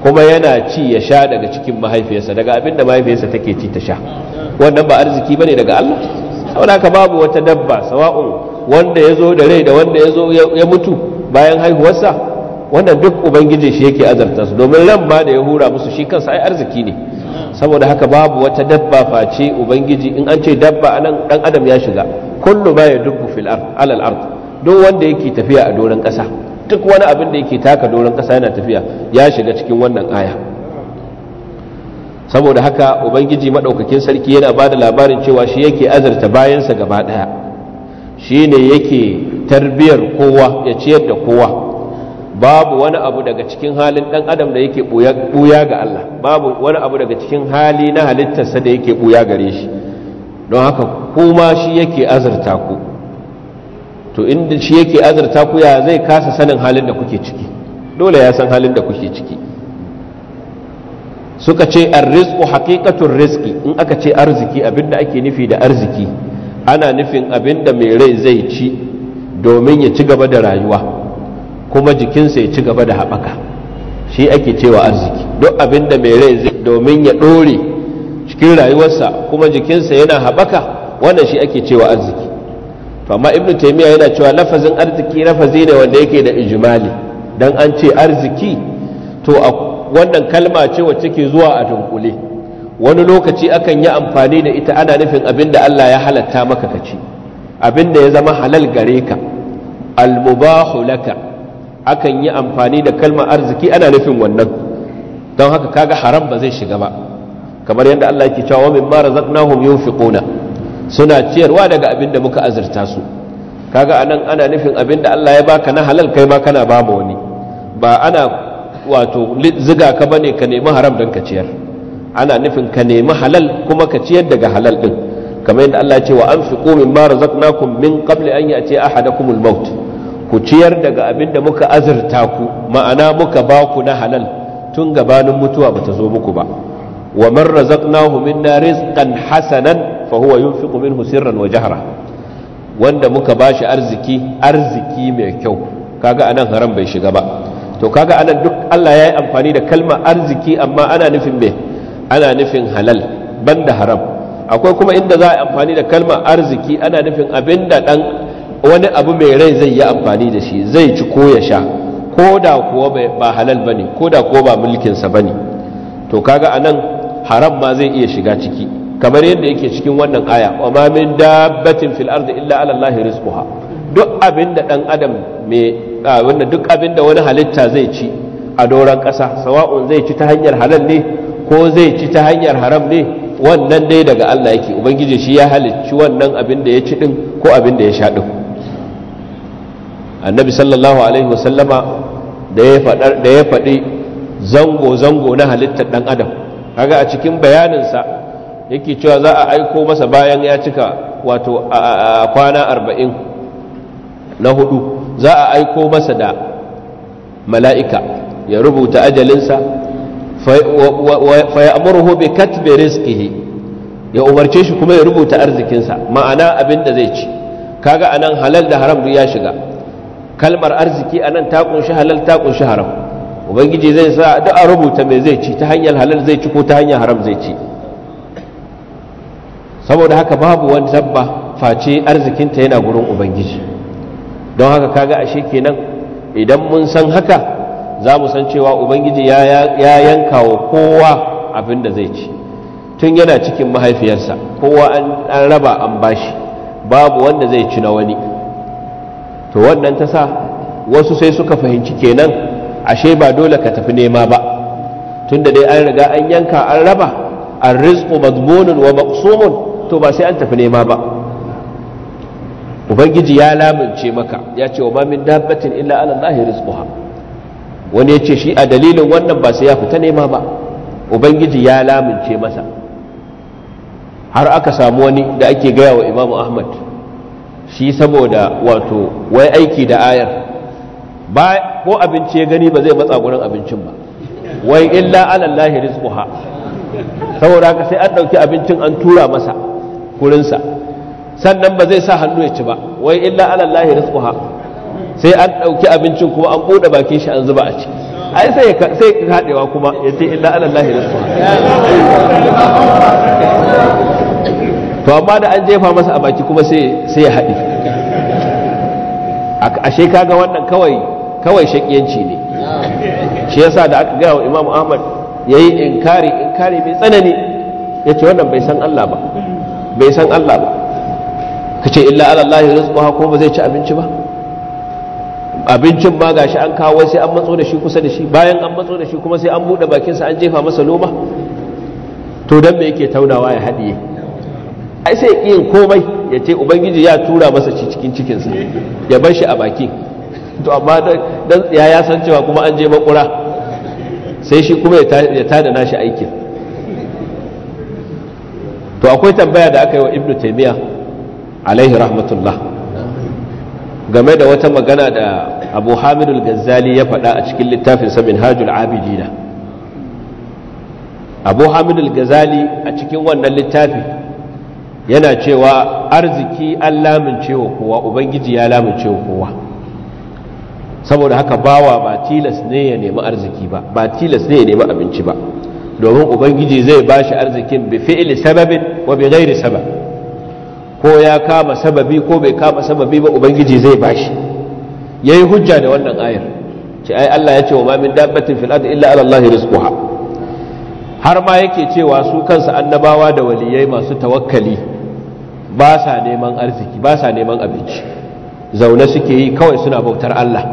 kuma yana ci ya sha daga cikin mahaifiyarsa daga abin da mahaifiyarsa take ci ta sha wannan ba arziki bane daga Allah saboda haka babu wata dabba sawa'un wanda ya da rai da wanda yazo ya mutu bayan haihuwarsa wannan duk ubangiji shi yake azarta su domin ran ba da ya hura musu shi kansa ai arziki ne saboda haka babu wata dabba face ubangiji in an ce dabba anan dan adam ya shiga kullu ba ya dubbu fil ard alal ard duk wanda yake tafiya a doron ƙasa duk wani abin da yake taka doron ƙasa yana tafiya ya shiga cikin wannan aya saboda haka ubangiji maɗaukakin sarki yana ba da labarin cewa shi yake azurta bayansa gaba ɗaya shi ne yake tarbiyar kowa ya ciyar da kowa babu wani abu daga cikin halin ɗan adam da yake ɓuya ga Allah babu wani abu daga cikin hali na halittarsa da yake ɓuya gare shi don haka kuma shi yake azurta ku to inda shi yake azurta ku ya zai kasa sanin halin da kuke ciki dole ya san halin da kuke ciki suka ce arrizqu Hakikatun rizki. in aka ce arziki abinda ake nufi da arziki ana nufin abinda mai rai zai ci domin ya ci gaba da rayuwa kuma jikinsa ya ci gaba da haɓaka shi ake cewa arziki duk abinda mai rai zai domin ya ɗore cikin rayuwarsa kuma jikinsa yana haɓaka wannan shi ake cewa arziki to amma ibnu taymiya yana cewa lafazin arziki lafazi ne wanda yake da ijmali dan an ce arziki to wannan kalma ce wacce ke zuwa a dunkule wani lokaci akan yi amfani da ita ana nufin abin da Allah ya halatta maka ka ci abin da ya zama halal gare ka almubahu laka akan yi amfani da kalmar arziki ana nufin wannan don haka kaga haram ba zai shiga ba kamar yadda Allah yake cewa min ma razaqnahum yunfiquna suna ciyarwa daga abin da muka azurta su kaga anan ana nufin abin da Allah ya baka na halal kai ma kana ba wani ba ana wato ziga ka bane ka nemi haram don ka ciyar ana nufin ka nemi halal kuma ka ciyar daga halal din kamar yadda Allah ya ce wa anfiqu mimma razaqnakum min qabli an ya'ti ahadakumul maut ku ciyar daga abin da muka azurta ku ma'ana muka ba ku na halal tun gabanin mutuwa bata zo muku ba wa man razaqnahu minna rizqan hasanan fa huwa yunfiqu minhu sirran wa jahra wanda muka bashi arziki arziki mai kyau kaga anan haram bai shiga ba to kaga anan duk Allah ya yi amfani da kalmar arziki amma ana nufin me ana nufin halal banda haram akwai kuma inda za a amfani da kalmar arziki ana nufin abinda dan wani abu mai rai zai yi amfani da shi zai ci ko ya sha ko da kuwa ba halal bane ko da kuwa ba mulkinsa bane to kaga anan haram ma zai iya shiga ciki kamar yadda yake cikin wannan aya wa ma min dabbatin fil ardi illa ala allahi rizquha duk abinda dan adam me wanda duk abinda wani halitta zai ci a doran kasa sawa'un zai ci ta hanyar halal ne ko zai ci ta hanyar haram ne wannan dai daga Allah yake ubangiji shi ya halicci wannan abinda ya ci din ko abinda ya sha din annabi sallallahu alaihi wasallama da ya fadi zango zango na halittar dan adam kaga a cikin bayaninsa yake cewa za a aiko masa bayan ya cika wato a kwana arba'in na hudu za a aiko masa da mala'ika ya rubuta ajalinsa fa ya amurhu bi katbi ya umarce shi kuma ya rubuta arzikinsa ma'ana abin da zai ci kaga anan halal da haram ya shiga kalmar arziki anan ta kunshi halal ta kunshi haram ubangiji zai sa a rubuta mai zai ci ta hanyar halal zai ci ko ta hanyar haram zai ci saboda haka babu wani dabba face arzikinta yana gurin ubangiji don haka kaga ashe kenan idan mun san haka za mu san cewa ubangiji ya yanka wa kowa abin da zai ci tun yana cikin mahaifiyarsa kowa an raba an bashi babu wanda zai ci na wani to wannan ta sa wasu sai suka fahimci kenan ashe ba dole ka tafi nema ba tunda dai an riga an yanka an raba an rizqu madmunun wa maqsumun to ba sai an tafi nema ba ubangiji ya lamince maka ya ce wa ma min dabbatin illa ala allahi rizquha wani ya ce shi a dalilin wannan ba sai ya fita nema ba ubangiji ya lamince masa har aka samu wani da ake gaya wa imamu ahmad shi saboda wato wai aiki da ayar ba ko abinci ya gani ba zai matsa gurin abincin ba wai illa alallahi rizquha saboda haka sai an ɗauki abincin an tura masa kurinsa sannan ba zai sa hannu ya ci ba wai illa alallahi rizquha sai an ɗauki abincin kuma an bude bakin shi an zuba a ciki ai sai sai hadewa kuma ya ce illa alallahi rizquha to amma da an jefa masa a baki kuma sai sai ya haɗe ashe kaga wannan kawai kawai shakiyanci ne shi yasa da aka gaya wa Imam Ahmad yayi inkari inkari mai tsanani yace wannan bai san Allah ba bai san Allah ba ka ce illa alallahi rizquha ko ba zai ci abinci ba abincin ma gashi an kawo sai an matso da shi kusa da shi bayan an matso da shi kuma sai an buɗe bakin sa an jefa masa loma to dan me yake taunawa ya hadiye ai sai yin komai ya ce ubangiji ya tura masa ci cikin cikinsa ya bar shi a baki to amma dan ya ya san cewa kuma an je makura sai shi kuma ya tada nashi aikin to akwai tambaya da aka yi wa ibnu taymiya alaihi rahmatullah game da wata magana da abu hamidul ya faɗa a cikin littafin sa minhajul abidina abu hamidul a cikin wannan littafi yana cewa arziki an lamincewa kowa ubangiji ya lamincewa kowa saboda haka bawa ba tilas ne ya nemi arziki ba ba tilas ne ya nemi abinci ba domin ubangiji zai ba shi arzikin bi fi'ili sababin wa bi ghairi sabab ko ya kama sababi ko bai kama sababi ba ubangiji zai bashi yayi hujja da wannan ayar ce ai Allah ya ce wa ma min dabbatin fil ardi illa ala allahi rizquha har ma yake cewa su kansa annabawa da waliyai masu tawakkali ba sa neman arziki ba sa neman abinci zaune suke yi kawai suna bautar Allah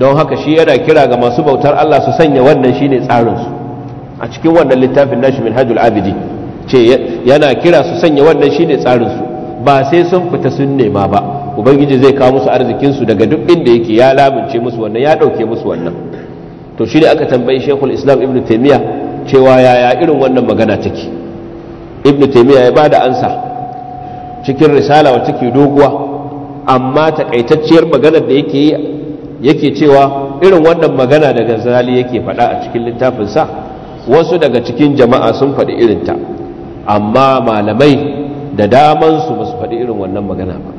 don haka shi yana kira ga masu bautar Allah su sanya wannan shine su. a cikin wannan littafin nashi hajjul abidi ce yana kira su sanya wannan shine tsarin su ba sai sun fita sun nema ba ubangiji zai kawo musu arzikin su daga duk inda yake ya lamince musu wannan ya dauke musu wannan to shine aka tambayi Sheikhul Islam Ibn Taymiyyah cewa yaya irin wannan magana take Ibn Taymiyyah ya bada ansa cikin risala wa ke doguwa amma takaitacciyar maganar da yake yake cewa irin wannan magana daga zali yake faɗa a cikin littafinsa wasu daga cikin jama'a sun faɗi irinta amma malamai da daman su ba su faɗi irin wannan magana ba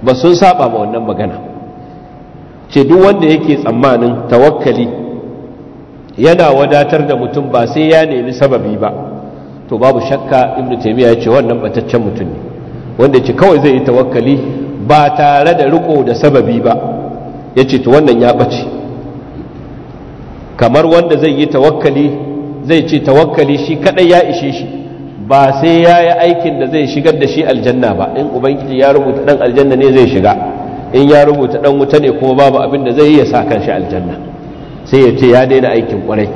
ba sun saba ma wannan magana ce duk wanda yake tsammanin tawakkali yana wadatar da mutum ba sai ya nemi sababi ba to babu shakka ibnu taymiya ya ce wannan bataccen mutum ne wanda ce kawai zai yi tawakkali ba tare da riko da sababi ba ya ce to wannan ya bace kamar wanda zai yi tawakkali zai ce tawakkali shi kadai ya ishe shi ba sai ya yi aikin da zai shigar da shi aljanna ba in ubangiji ya rubuta dan aljanna ne zai shiga in ya rubuta dan wuta ne kuma babu abin da zai yi ya sa shi aljanna sai ya ce ya daina aikin kwarai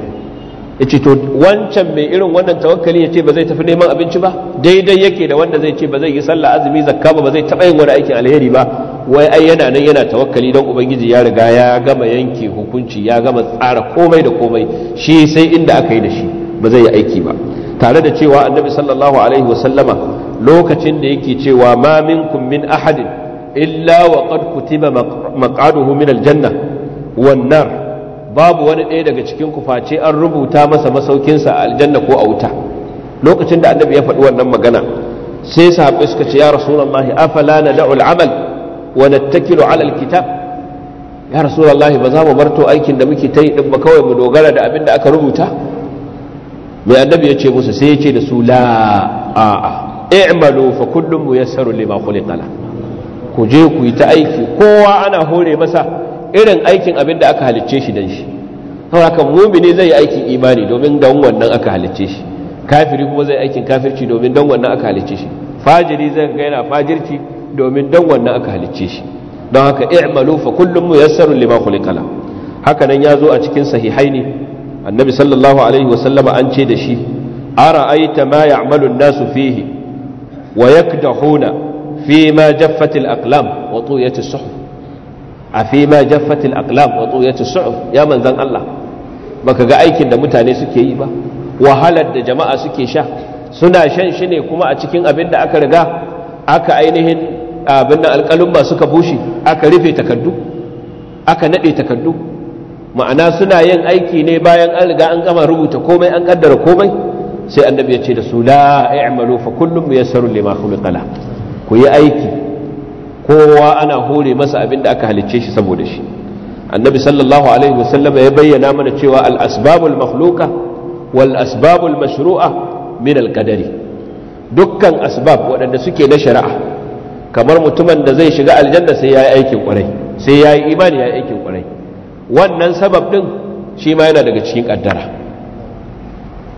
ya ce to wancan mai irin wannan tawakkali ya ce ba zai tafi neman abinci ba daidai yake da wanda zai ce ba zai yi sallah azumi zakka ba ba zai taɓa yin wani aikin alheri ba wai ai yana nan yana tawakkali don ubangiji ya riga ya gama yanke hukunci ya gama tsara komai da komai shi sai inda aka yi da shi ba zai yi aiki ba tare da cewa annabi sallallahu alaihi wasallama lokacin da yake cewa ma minkum min ahadin illa wa qad kutiba maq'aduhu min aljanna wan nar babu wani ɗaya daga cikin ku face an rubuta masa masaukinsa a aljanna ko a wuta lokacin da annabi ya faɗi wannan magana sai sahabbai suka ce ya rasulullahi afala da'ul al'amal wa nattakilu ala alkitab ya rasulullahi ba za mu barto aikin da muke ta yi din ba kawai mu dogara da abin da aka rubuta mai annabi ya ce musu sai ya ce da su la a i'malu fa kullum muyassaru lima kuli kala. ku je ku yi ta aiki kowa ana hore masa irin aikin abin da aka halicce shi dan shi haka mumini zai yi aikin imani domin dan wannan aka halicce shi kafiri kuma zai aikin kafirci domin dan wannan aka halicce shi fajiri zai ga yana fajirci domin dan wannan aka halicce shi don haka i'malu fa kullum muyassaru lima kuli kala. haka nan ya zo a cikin sahihaini annabi sallallahu alaihi wasallama an ce da shi A aita ma ya'malu an-nasu fihi wa yakdahuna fi ma jaffat al-aqlam wa tuyat as-suhuf a fi ma jaffat al-aqlam wa tuyat as-suhuf ya manzan Allah baka ga aikin da mutane suke yi ba wahalar da jama'a suke sha suna shan shi ne kuma a cikin abin da aka riga aka ainihin abin da alƙalin suka bushe aka rufe takardu aka naɗe takardu ma'ana suna yin aiki ne bayan an riga an gama rubuta komai an kaddara komai sai annabi ya ce da su la i'malu fa kullum yassarun lima khuliqala ku yi aiki kowa ana hore masa abin da aka halicce shi saboda shi annabi sallallahu alaihi wasallam ya bayyana mana cewa al asbabul makhluqa wal asbabul mashru'a min al qadari dukkan asbab waɗanda suke na shari'a kamar mutumin da zai shiga aljanna sai ya yi aikin kwarai sai ya yi imani ya yi aikin kwarai wannan sabab din shi ma yana daga cikin kaddara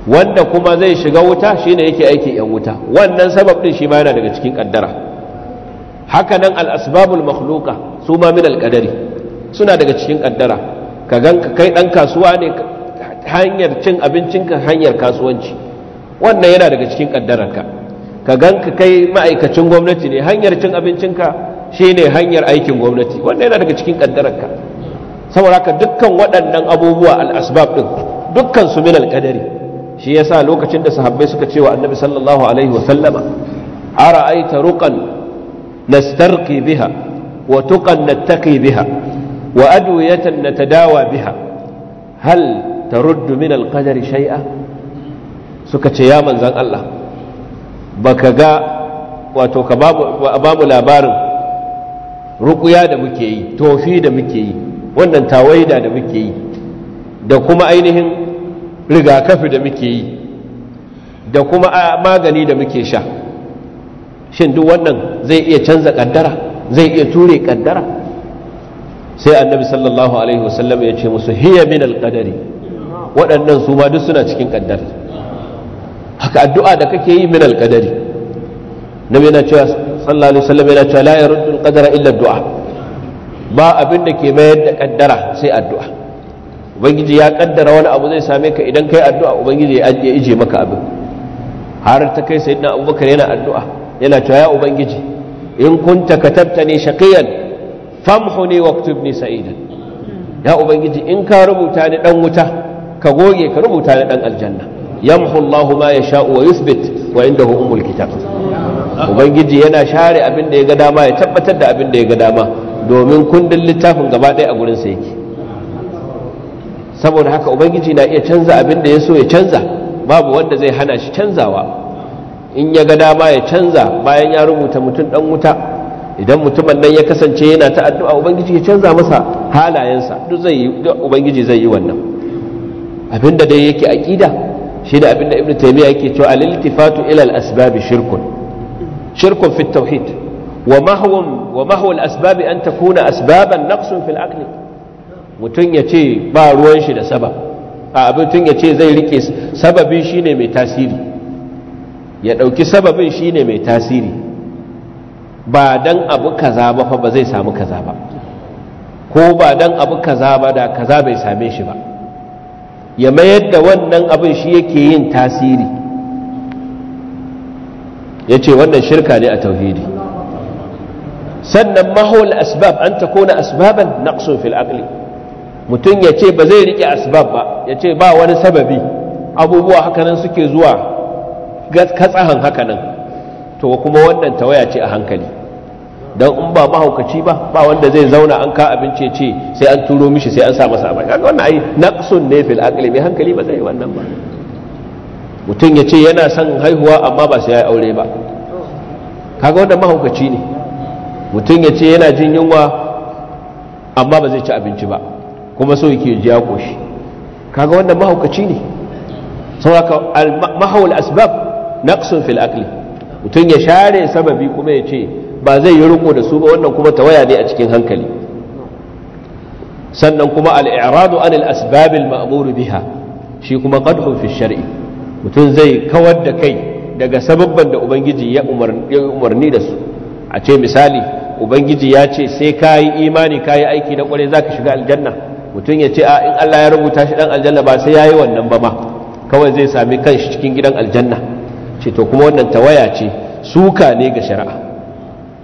wanda kuma zai shiga wuta shine yake aiki yan wuta wannan sabab din shi ma yana daga cikin kaddara haka nan al-asbabul makhluqa su ma min al-qadari suna daga cikin kaddara ka ganka kai dan kasuwa ne hanyar cin abincinka hanyar kasuwanci wannan yana daga cikin kaddararka ka ganka kai ma'aikacin gwamnati ne hanyar cin abincinka shine hanyar aikin gwamnati wannan yana daga cikin kaddararka saboda haka dukkan waɗannan abubuwa al'asbab ɗin dukkan su min alƙadari shi ya sa lokacin da sahabbai suka ce wa annabi sallallahu alaihi wasallama a ra'aita ruƙan nastarki biha wa tuƙan nattaki biha wa adwiyatan natadawa biha hal taruddu min alƙadari shai'a suka ce ya manzan Allah ka ga wato ka babu labarin ruƙuya da muke yi tofi da muke yi wannan tawaida da muke yi da kuma ainihin rigakafi da muke yi da kuma ah, magani da muke sha shin duk wannan zai iya canza kaddara zai iya ture kaddara sai annabi sallallahu alaihi wasallam ya ce musu hiya min alqadari waɗannan su ma duk suna cikin kaddara haka addu'a da kake yi min alqadari nabi yana cewa sallallahu alaihi wasallam yana cewa la yaruddu alqadara illa addu'a ba abin da ke mayar da kaddara sai addu'a ubangiji ya kaddara wani abu zai same ka idan kai addu'a ubangiji ya ije maka abin har ta kai sayyidina abubakar yana addu'a yana cewa ya ubangiji in kunta katabtani ne famhuni ne sa'idan ya ubangiji in ka rubuta ni dan wuta ka goge ka rubuta ni dan aljanna yamhu Allahu ma sha'u wa yuthbit wa indahu umul kitab ubangiji yana share abin da ya ga dama ya tabbatar da abin da ya ga dama domin kundin littafin gaba ɗaya a gurin sa yake saboda haka ubangiji na iya canza abin da ya so ya canza babu wanda zai hana shi canzawa in ya ga dama ya canza bayan ya rubuta mutum dan wuta idan mutumin nan ya kasance yana ta addu'a ubangiji ya canza masa halayensa duk zai yi ubangiji zai yi wannan abinda dai yake aqida shi da abinda ibnu taymiya yake cewa al-iltifatu ila al-asbab shirkun shirkun fi tauhid wa mahwun wa asbabi an takuna asbaban naqsun fil Mutum ya ce ba ruwan shi da sabab a abin yace zai rike sababin shine mai tasiri ya ɗauki sababin shine mai tasiri ba dan abu kaza ba fa ba zai samu kaza ba ko ba dan abu kaza ba da kaza bai same shi ba ya mayar da wannan abin shi yake yin tasiri ya ce wannan shirka ne a tauhidi sannan mahol asbab an ta kona asbaban naqsun fil akli mutum ya ce ba zai rike asbab ba ya ce ba wani sababi abubuwa hakanan suke zuwa katsahan hakanan to kuma wannan tawaya ce a hankali don in ba mahaukaci ba ba wanda zai zauna an ka abinci ce sai an turo mishi sai an sa masa abai kaga wannan ai naqsun ne fil aqli mai hankali ba zai wannan ba mutum ya ce yana son haihuwa amma ba sai ya aure ba kaga wannan mahaukaci ne mutum ya ce yana jin yunwa amma ba zai ci abinci ba kuma so yake ji ya koshi kaga wannan mahaukaci ne saboda mahawul asbab naqsun fil akli mutum ya share sababi kuma ya ce ba zai yi riko da su ba wannan kuma tawaya ne a cikin hankali sannan kuma al-i'radu anil asbab al-ma'mur biha shi kuma qadhu fi shar'i mutum zai kawar da kai daga sababban da ubangiji ya umarni da su a ce misali ubangiji ya ce sai ka yi imani ka yi aiki na kwarai za ka shiga aljanna mutum ya ce a in allah ya rubuta shi dan aljanna ba sai ya yi wannan ba ma kawai zai sami kanshi cikin gidan aljanna ce to kuma wannan tawaya ce suka ne ga shari'a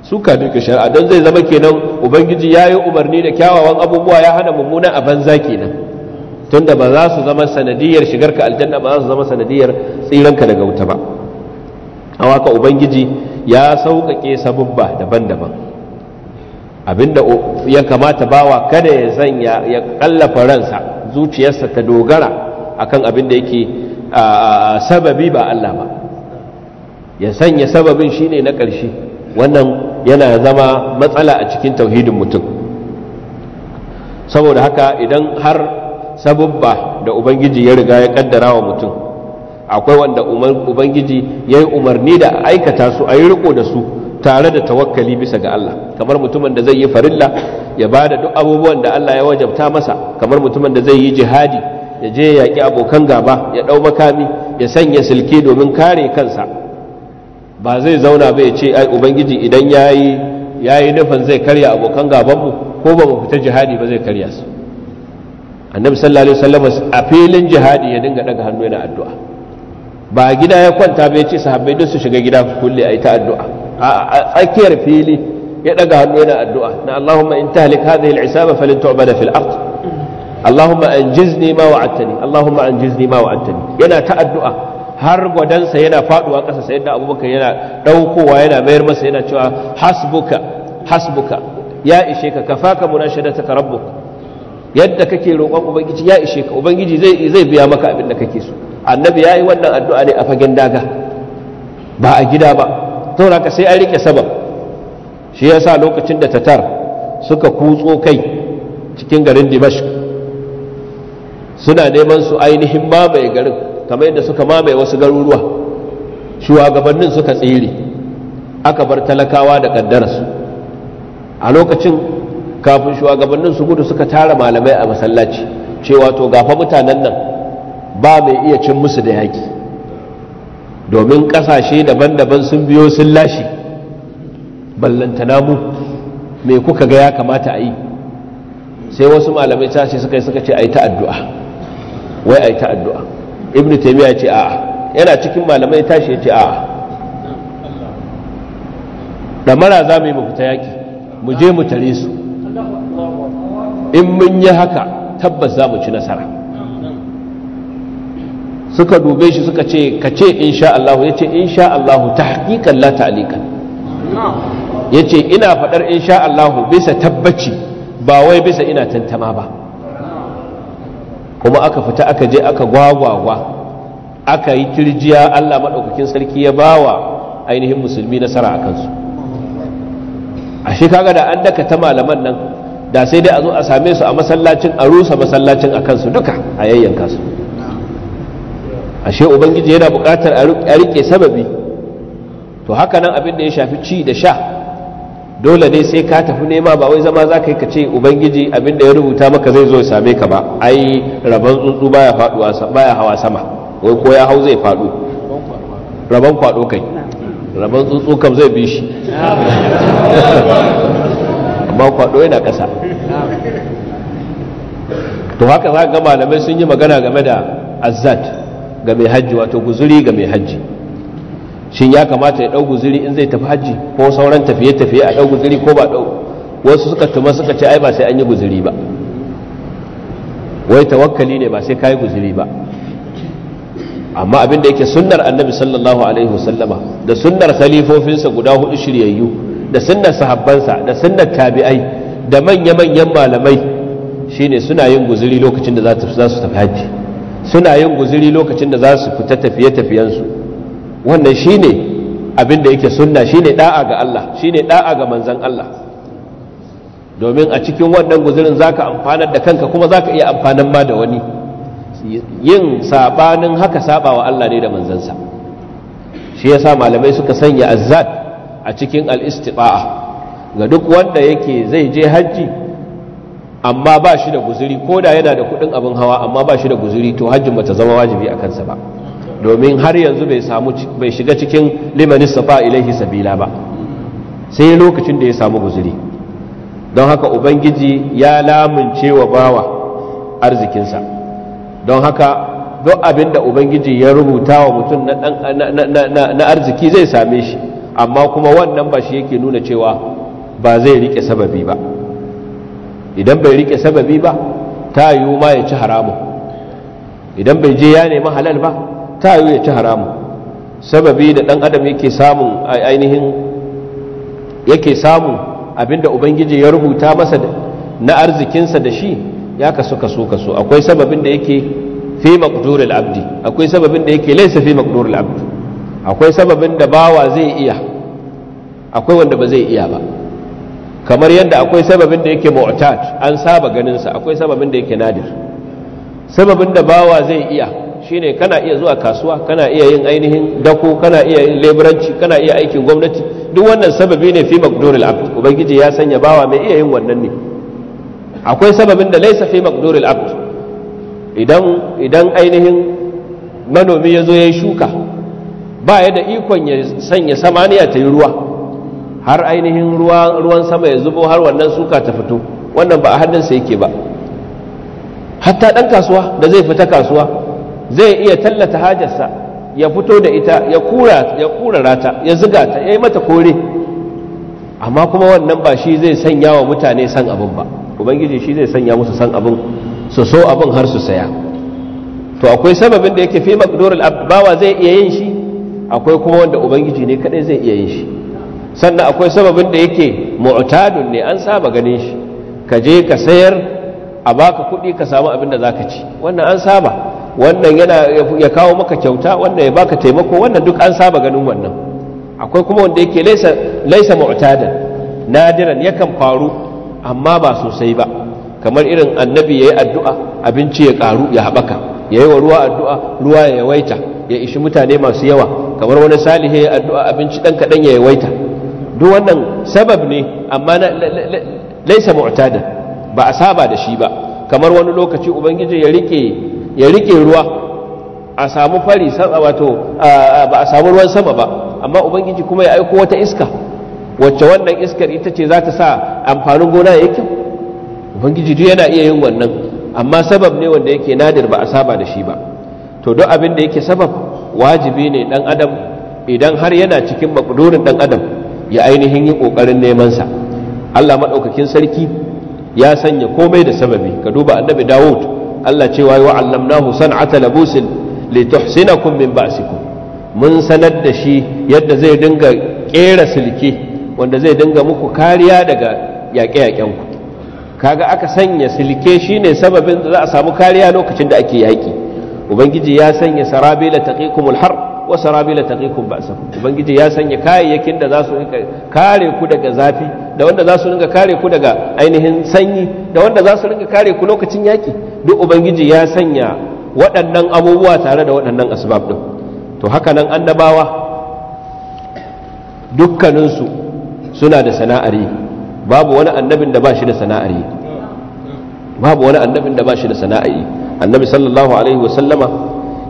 suka ne ga shari'a don zai zama kenan ubangiji ya yi umarni da kyawawan abubuwa ya hana mummuna a banza kenan tunda ba za su zama sanadiyar shigarka aljanna ba za su zama sanadiyar tsiranka daga wuta ba a waka ubangiji ya sauƙaƙe sabubba daban-daban abinda ya kamata bawa kada ya zan ya ƙallafa ransa zuciyarsa ta dogara akan abin da yake sababi ba Allah ba ya sanya sababin shine na ƙarshe wannan yana zama matsala a cikin tauhidin mutum saboda haka idan har sabubba da ubangiji ya riga ya kaddara wa mutum akwai wanda ubangiji ya yi umarni da aikata su a yi riko da su tare da tawakkali bisa ga Allah kamar mutumin da zai yi farilla ya ba da duk abubuwan da Allah ya wajabta masa kamar mutumin da zai yi jihadi ya je ya yaƙi abokan gaba ya ɗau makami ya sanya silke domin kare kansa ba zai zauna ba ya ce ai ubangiji idan ya yi nufin zai karya abokan gabanmu ko ba mu fita jihadi ba zai karya su annabi sallallahu alaihi wasallam a filin jihadi ya dinga daga hannu yana addu'a ba gida ya kwanta bai ce sahabbai don su shiga gida kulle a yi ta addu'a a tsakiyar fili ya ɗaga hannu yana addu'a na Allahumma in tahlik hadhihi al-isaba falin tu'bada fil ard Allahumma anjizni ma wa'adtani Allahumma anjizni ma wa'adtani yana ta addu'a har gwadansa yana faduwa ƙasa sayyidina Abubakar yana daukowa yana mayar masa yana cewa hasbuka hasbuka ya ishe ka kafaka ka rabbuk yadda kake roƙon ubangiji ya ishe ka ubangiji zai zai biya maka abin da kake so annabi ya yi wannan addu'a ne a fagen daga ba a gida ba ta ka sai an rike sabab shi ya sa lokacin da tatar suka kutso kai cikin garin Dimash suna neman su ainihin mamaye garin kamar yadda suka mamaye wasu garuruwa shugabannin suka tsere aka bar talakawa da ƙaddararsu a lokacin kafin shugabannin su gudu suka tara malamai a masallaci cewa to gafa mutanen nan ba mai iya cin musu da yaƙi domin ƙasashe daban-daban sun biyo sun lashe ballantana mu mai kuka ga ya kamata a yi sai wasu malamai tashi suka yi suka ce a yi ta'addu'a wai a yi ta'addu'a ibn taimiyya ce a'a yana cikin malamai tashi ya ce a'a da mara za mu yi mu fita yaƙi mu je mu tare su in mun yi haka tabbas za mu ci nasara suka dube shi suka ce ka ce insha Allah ya ce insha Allah ta hakikan la ta'alika ya ce ina faɗar insha Allah bisa tabbaci ba wai bisa ina tantama ba kuma aka fita aka je aka gwagwagwa aka yi kirjiya Allah maɗaukakin sarki ya bawa ainihin musulmi nasara a kansu shi kaga da an daka ta malaman nan da sai dai a zo a same su a masallacin a rusa masallacin a kansu duka a yayyanka su ashe ubangiji yana buƙatar a rike sababi to haka nan abin da ya shafi ci da sha dole ne sai ka tafi nema ba wai zama za ka yi ka ce ubangiji abin da ya rubuta maka zai zo ya same ka ba ai rabon tsuntsu baya hawa sama wai ko ya hau zai faɗo rabon kwaɗo kai rabon tsuntsu kam zai bi shi amma kwaɗo yana ƙasa to haka za ga malamai sun yi magana game da azzat ga mai hajji wato guzuri ga mai hajji shin ya kamata ya ɗau guzuri in zai tafi hajji ko sauran tafiye-tafiye a ɗau guzuri ko ba ɗau? wasu suka tuma suka ce ai ba sai an yi guzuri ba wai tawakkali ne ba sai ka yi guzuri ba amma abin da yake sunnar annabi sallallahu alaihi wasallama da sunnar khalifofinsa guda hudu shiryayyu da sunnar sahabbansa da sunnar tabi'ai da manya-manyan malamai shine suna yin guzuri lokacin da za su tafi hajji. suna yin guziri lokacin da za su fita tafiye-tafiyensu wannan shi ne abin da yake sunna shi ne ɗa'a ga Allah shi ne ɗa'a ga manzan Allah domin a cikin wannan guzirin za ka amfanar da kanka kuma za ka iya amfanan ma da wani yin saɓanin haka saɓa wa Allah ne da manzansa shi ya sa malamai suka sanya azad a cikin al'istiɓa'a ga duk wanda yake zai je hajji amma ba shi da guzuri ko da yana da kuɗin abin hawa amma ba shi da guzuri to hajjin bata zama wajibi a kansa ba domin har yanzu bai samu bai shiga cikin limanin safa ilaihi sabila ba sai lokacin da ya samu guzuri don haka ubangiji ya lamunce wa bawa arzikinsa don haka duk abin da ubangiji ya rubuta wa mutum na arziki zai same shi amma kuma wannan ba shi yake nuna cewa ba zai rike sababi ba idan bai rike sababi ba ta yi ma ya ci haramun idan bai je ya nemi halal ba ta yi ya ci haramun sababi da dan adam yake samun ainihin yake samun abinda ubangiji ya rubuta masa na arzikinsa da shi ya kasu kasu kasu akwai sababin da yake fi maqdurul abdi akwai sababin da yake laysa fi maqdurul abdi akwai sababin da bawa zai iya akwai wanda ba zai iya ba kamar yadda akwai sababin da yake mu'tad an saba ganin sa akwai sababin da yake nadir sababin da bawa zai iya shine kana iya zuwa kasuwa kana iya yin ainihin dako kana iya yin leburanci kana iya aikin gwamnati duk wannan sababi ne fi maqdurul abd ubangiji ya sanya bawa mai iya yin wannan ne akwai sababin da laysa fi maqdurul abd idan idan ainihin manomi ya zo ya yi shuka ba ya da ikon ya sanya samaniya ta yi ruwa har ainihin ruwan sama ya zubo har wannan suka ta fito wannan ba a hannun hannunsa yake ba hatta ɗan kasuwa da zai fita kasuwa zai iya tallata hajarsa ya fito da ita ya kura ya rata ya zuga ta ya yi mata kore amma kuma wannan ba shi zai sanya wa mutane san abin ba ubangiji shi zai sanya musu san abin su so abin har su saya to akwai sababin da yake fi maqdurul bawa zai iya yin shi akwai kuma wanda ubangiji ne kadai zai iya yin shi sannan akwai sababin da yake mu'tadun ne an saba ganin shi ka je ka sayar a baka kuɗi ka samu abin da zaka ci wannan an saba wannan yana ya kawo maka kyauta wannan ya baka taimako wannan duk an saba ganin wannan akwai kuma wanda yake laisa laisa mu'tadan nadiran yakan faru amma ba sosai ba kamar irin annabi yayi addu'a abinci ya karu ya habaka yayi wa ruwa addu'a ruwa ya yawaita ya ishi mutane masu yawa kamar wani salihi ya addu'a abinci dan kadan ya yawaita duk wannan sabab ne amma laisa mu'tada ba a saba da shi ba kamar wani lokaci ubangiji ya rike ya rike ruwa a samu fari san wato ba a samu ruwan sama ba amma ubangiji kuma ya aiko wata iska wacce wannan iskar ita ce za ta sa amfanin gona ya kyau ubangiji duk yana iya yin wannan amma sabab ne wanda yake nadir ba a saba da shi ba to duk abin da yake sabab wajibi ne dan adam idan har yana cikin makudurin dan adam ya ainihin yi ƙoƙarin nemansa Allah maɗaukakin sarki ya sanya komai da sababi ka duba annabi Dawud Allah cewa wa allamnahu san'ata labusin lituhsinakum min ba'sikum mun sanar da shi yadda zai dinga ƙera silke wanda zai dinga muku kariya daga yaƙe-yaƙen ku kaga aka sanya silke shine sababin da za a samu kariya lokacin da ake yaƙi ubangiji ya sanya sarabila taqikumul har wa sarabila taqikum ba'sakum ubangiji ya sanya kayayyakin da za su kare ku daga zafi da wanda za su rinka kare ku daga ainihin sanyi da wanda za su rinka kare ku lokacin yaki duk ubangiji ya sanya waɗannan abubuwa tare da waɗannan asbab din to haka nan annabawa dukkaninsu suna da sana'ar yi babu wani annabin da ba shi da sana'ar yi babu wani annabin da ba shi da sana'ar yi annabi sallallahu alaihi wasallama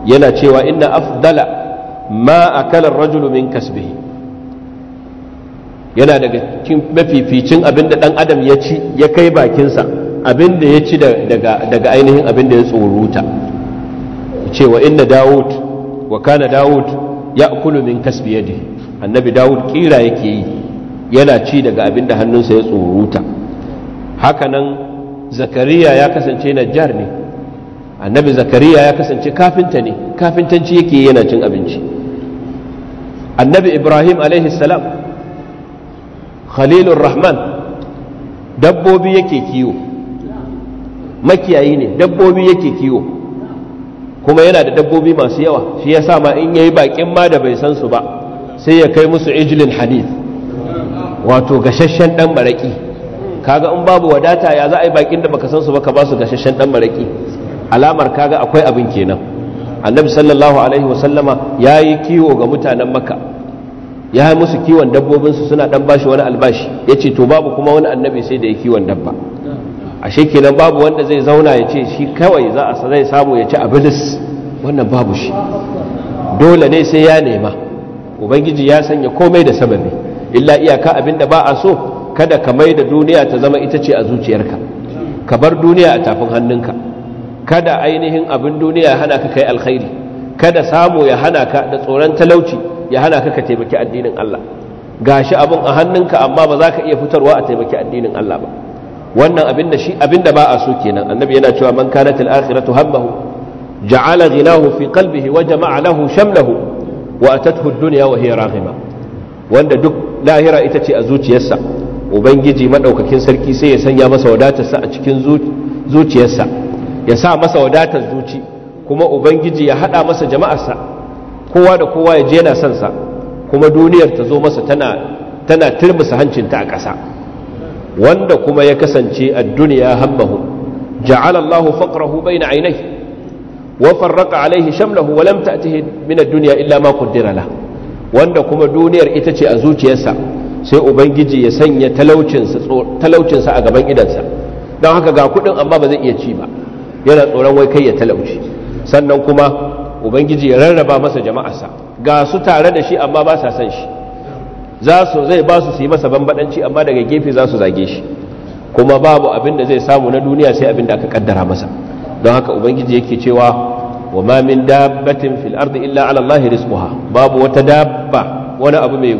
yana cewa inna afdala ma akala rajulu min kasbihi yana daga cikin mafificin abin da dan adam ya ci ya kai bakinsa abin da ya ci daga ainihin abin da ya tsoruta cewa inna dawud wa kana dawud ya akulu min kasbi yadi annabi dawud kira yake yi yana ci daga abin da hannunsa ya tsoruta hakanan zakariya ya kasance jar ne annabi zakariya ya kasance kafinta ne kafintanci yake yana cin abinci annabi ibrahim salam khalilun rahman dabbobi yake kiwo makiyayi ne dabbobi yake kiwo kuma yana da dabbobi masu yawa shi ya sa ma in yayi bakin ma da bai san su ba sai ya kai musu ijlin hadith wato gashashen dan baraki kaga in babu wadata ya za a yi bakin da baka san su ba ka ba su gashashen dan alamar kaga akwai abin kenan annabi sallallahu alaihi wasallama ya yi kiwo ga mutanen maka ya yi musu kiwon dabbobin su suna dan bashi wani albashi ya ce to babu kuma wani annabi sai da ya kiwon dabba a kenan babu wanda zai zauna ya ce shi kawai za a zai samu ya ci abilis wannan babu shi dole ne sai ya nema ubangiji ya sanya komai da sababi illa iyaka abin da ba a so kada ka mai da duniya ta zama ita ce a zuciyarka ka bar duniya a tafin hannunka kada ainihin abin duniya ya hana ka kai alkhairi kada samu ya hana ka da tsoron talauci ya hana ka ka taimaki addinin Allah gashi abin a hannunka amma ba za ka iya fitarwa a taimaki addinin Allah ba wannan abin da shi abin da ba a so kenan annabi yana cewa man kanat al-akhiratu hammahu ja'ala ghinahu fi qalbihi wa jama'a lahu shamlahu wa atathu ad-dunya wa hiya raghima wanda duk lahira ita ce a zuciyarsa ubangiji madaukakin sarki sai ya sanya masa wadatarsa a cikin zuciyarsa ya sa masa wadatar zuci kuma ubangiji ya hada masa jama'arsa kowa da kowa ya je yana son sa kuma duniyar ta zo masa tana tana hancinta a ƙasa wanda kuma ya kasance a duniya hammahu ja'ala Allahu faqrahu bayna aynihi wa farraqa alaihi shamlahu wa lam ta'tihi min ad-dunya illa ma quddira la wanda kuma duniyar ita ce a zuciyarsa sai ubangiji ya sanya talaucinsa sa a gaban idansa don haka ga kudin amma ba zai iya ci ba yana tsoron wai kai ya talauci sannan kuma ubangiji ya rarraba masa jama'arsa ga su tare da shi amma ba sa san shi za su zai ba su su yi masa bambadanci amma daga gefe za su zage shi kuma babu abin da zai samu na duniya sai abin da aka kaddara masa don haka ubangiji yake cewa wa ma min dabbatin fil ardi illa ala allahi rizquha babu wata dabba wani abu mai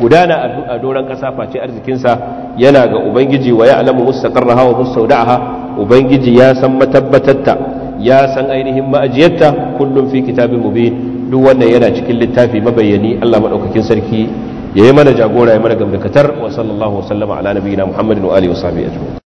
gudana a doran kasa face arzikinsa yana ga ubangiji wa ya'lamu mustaqarraha wa mustawda'aha ubangiji ya san matabbatarta ya san ainihin ma'ajiyarta kullum fi kitabin mubin duk wannan yana cikin littafi mabayyani Allah maɗaukakin sarki yayi mana jagora ya mana gamdakatar wa sallallahu wa ala nabiyina muhammadin wa alihi wa sahbihi ajma'in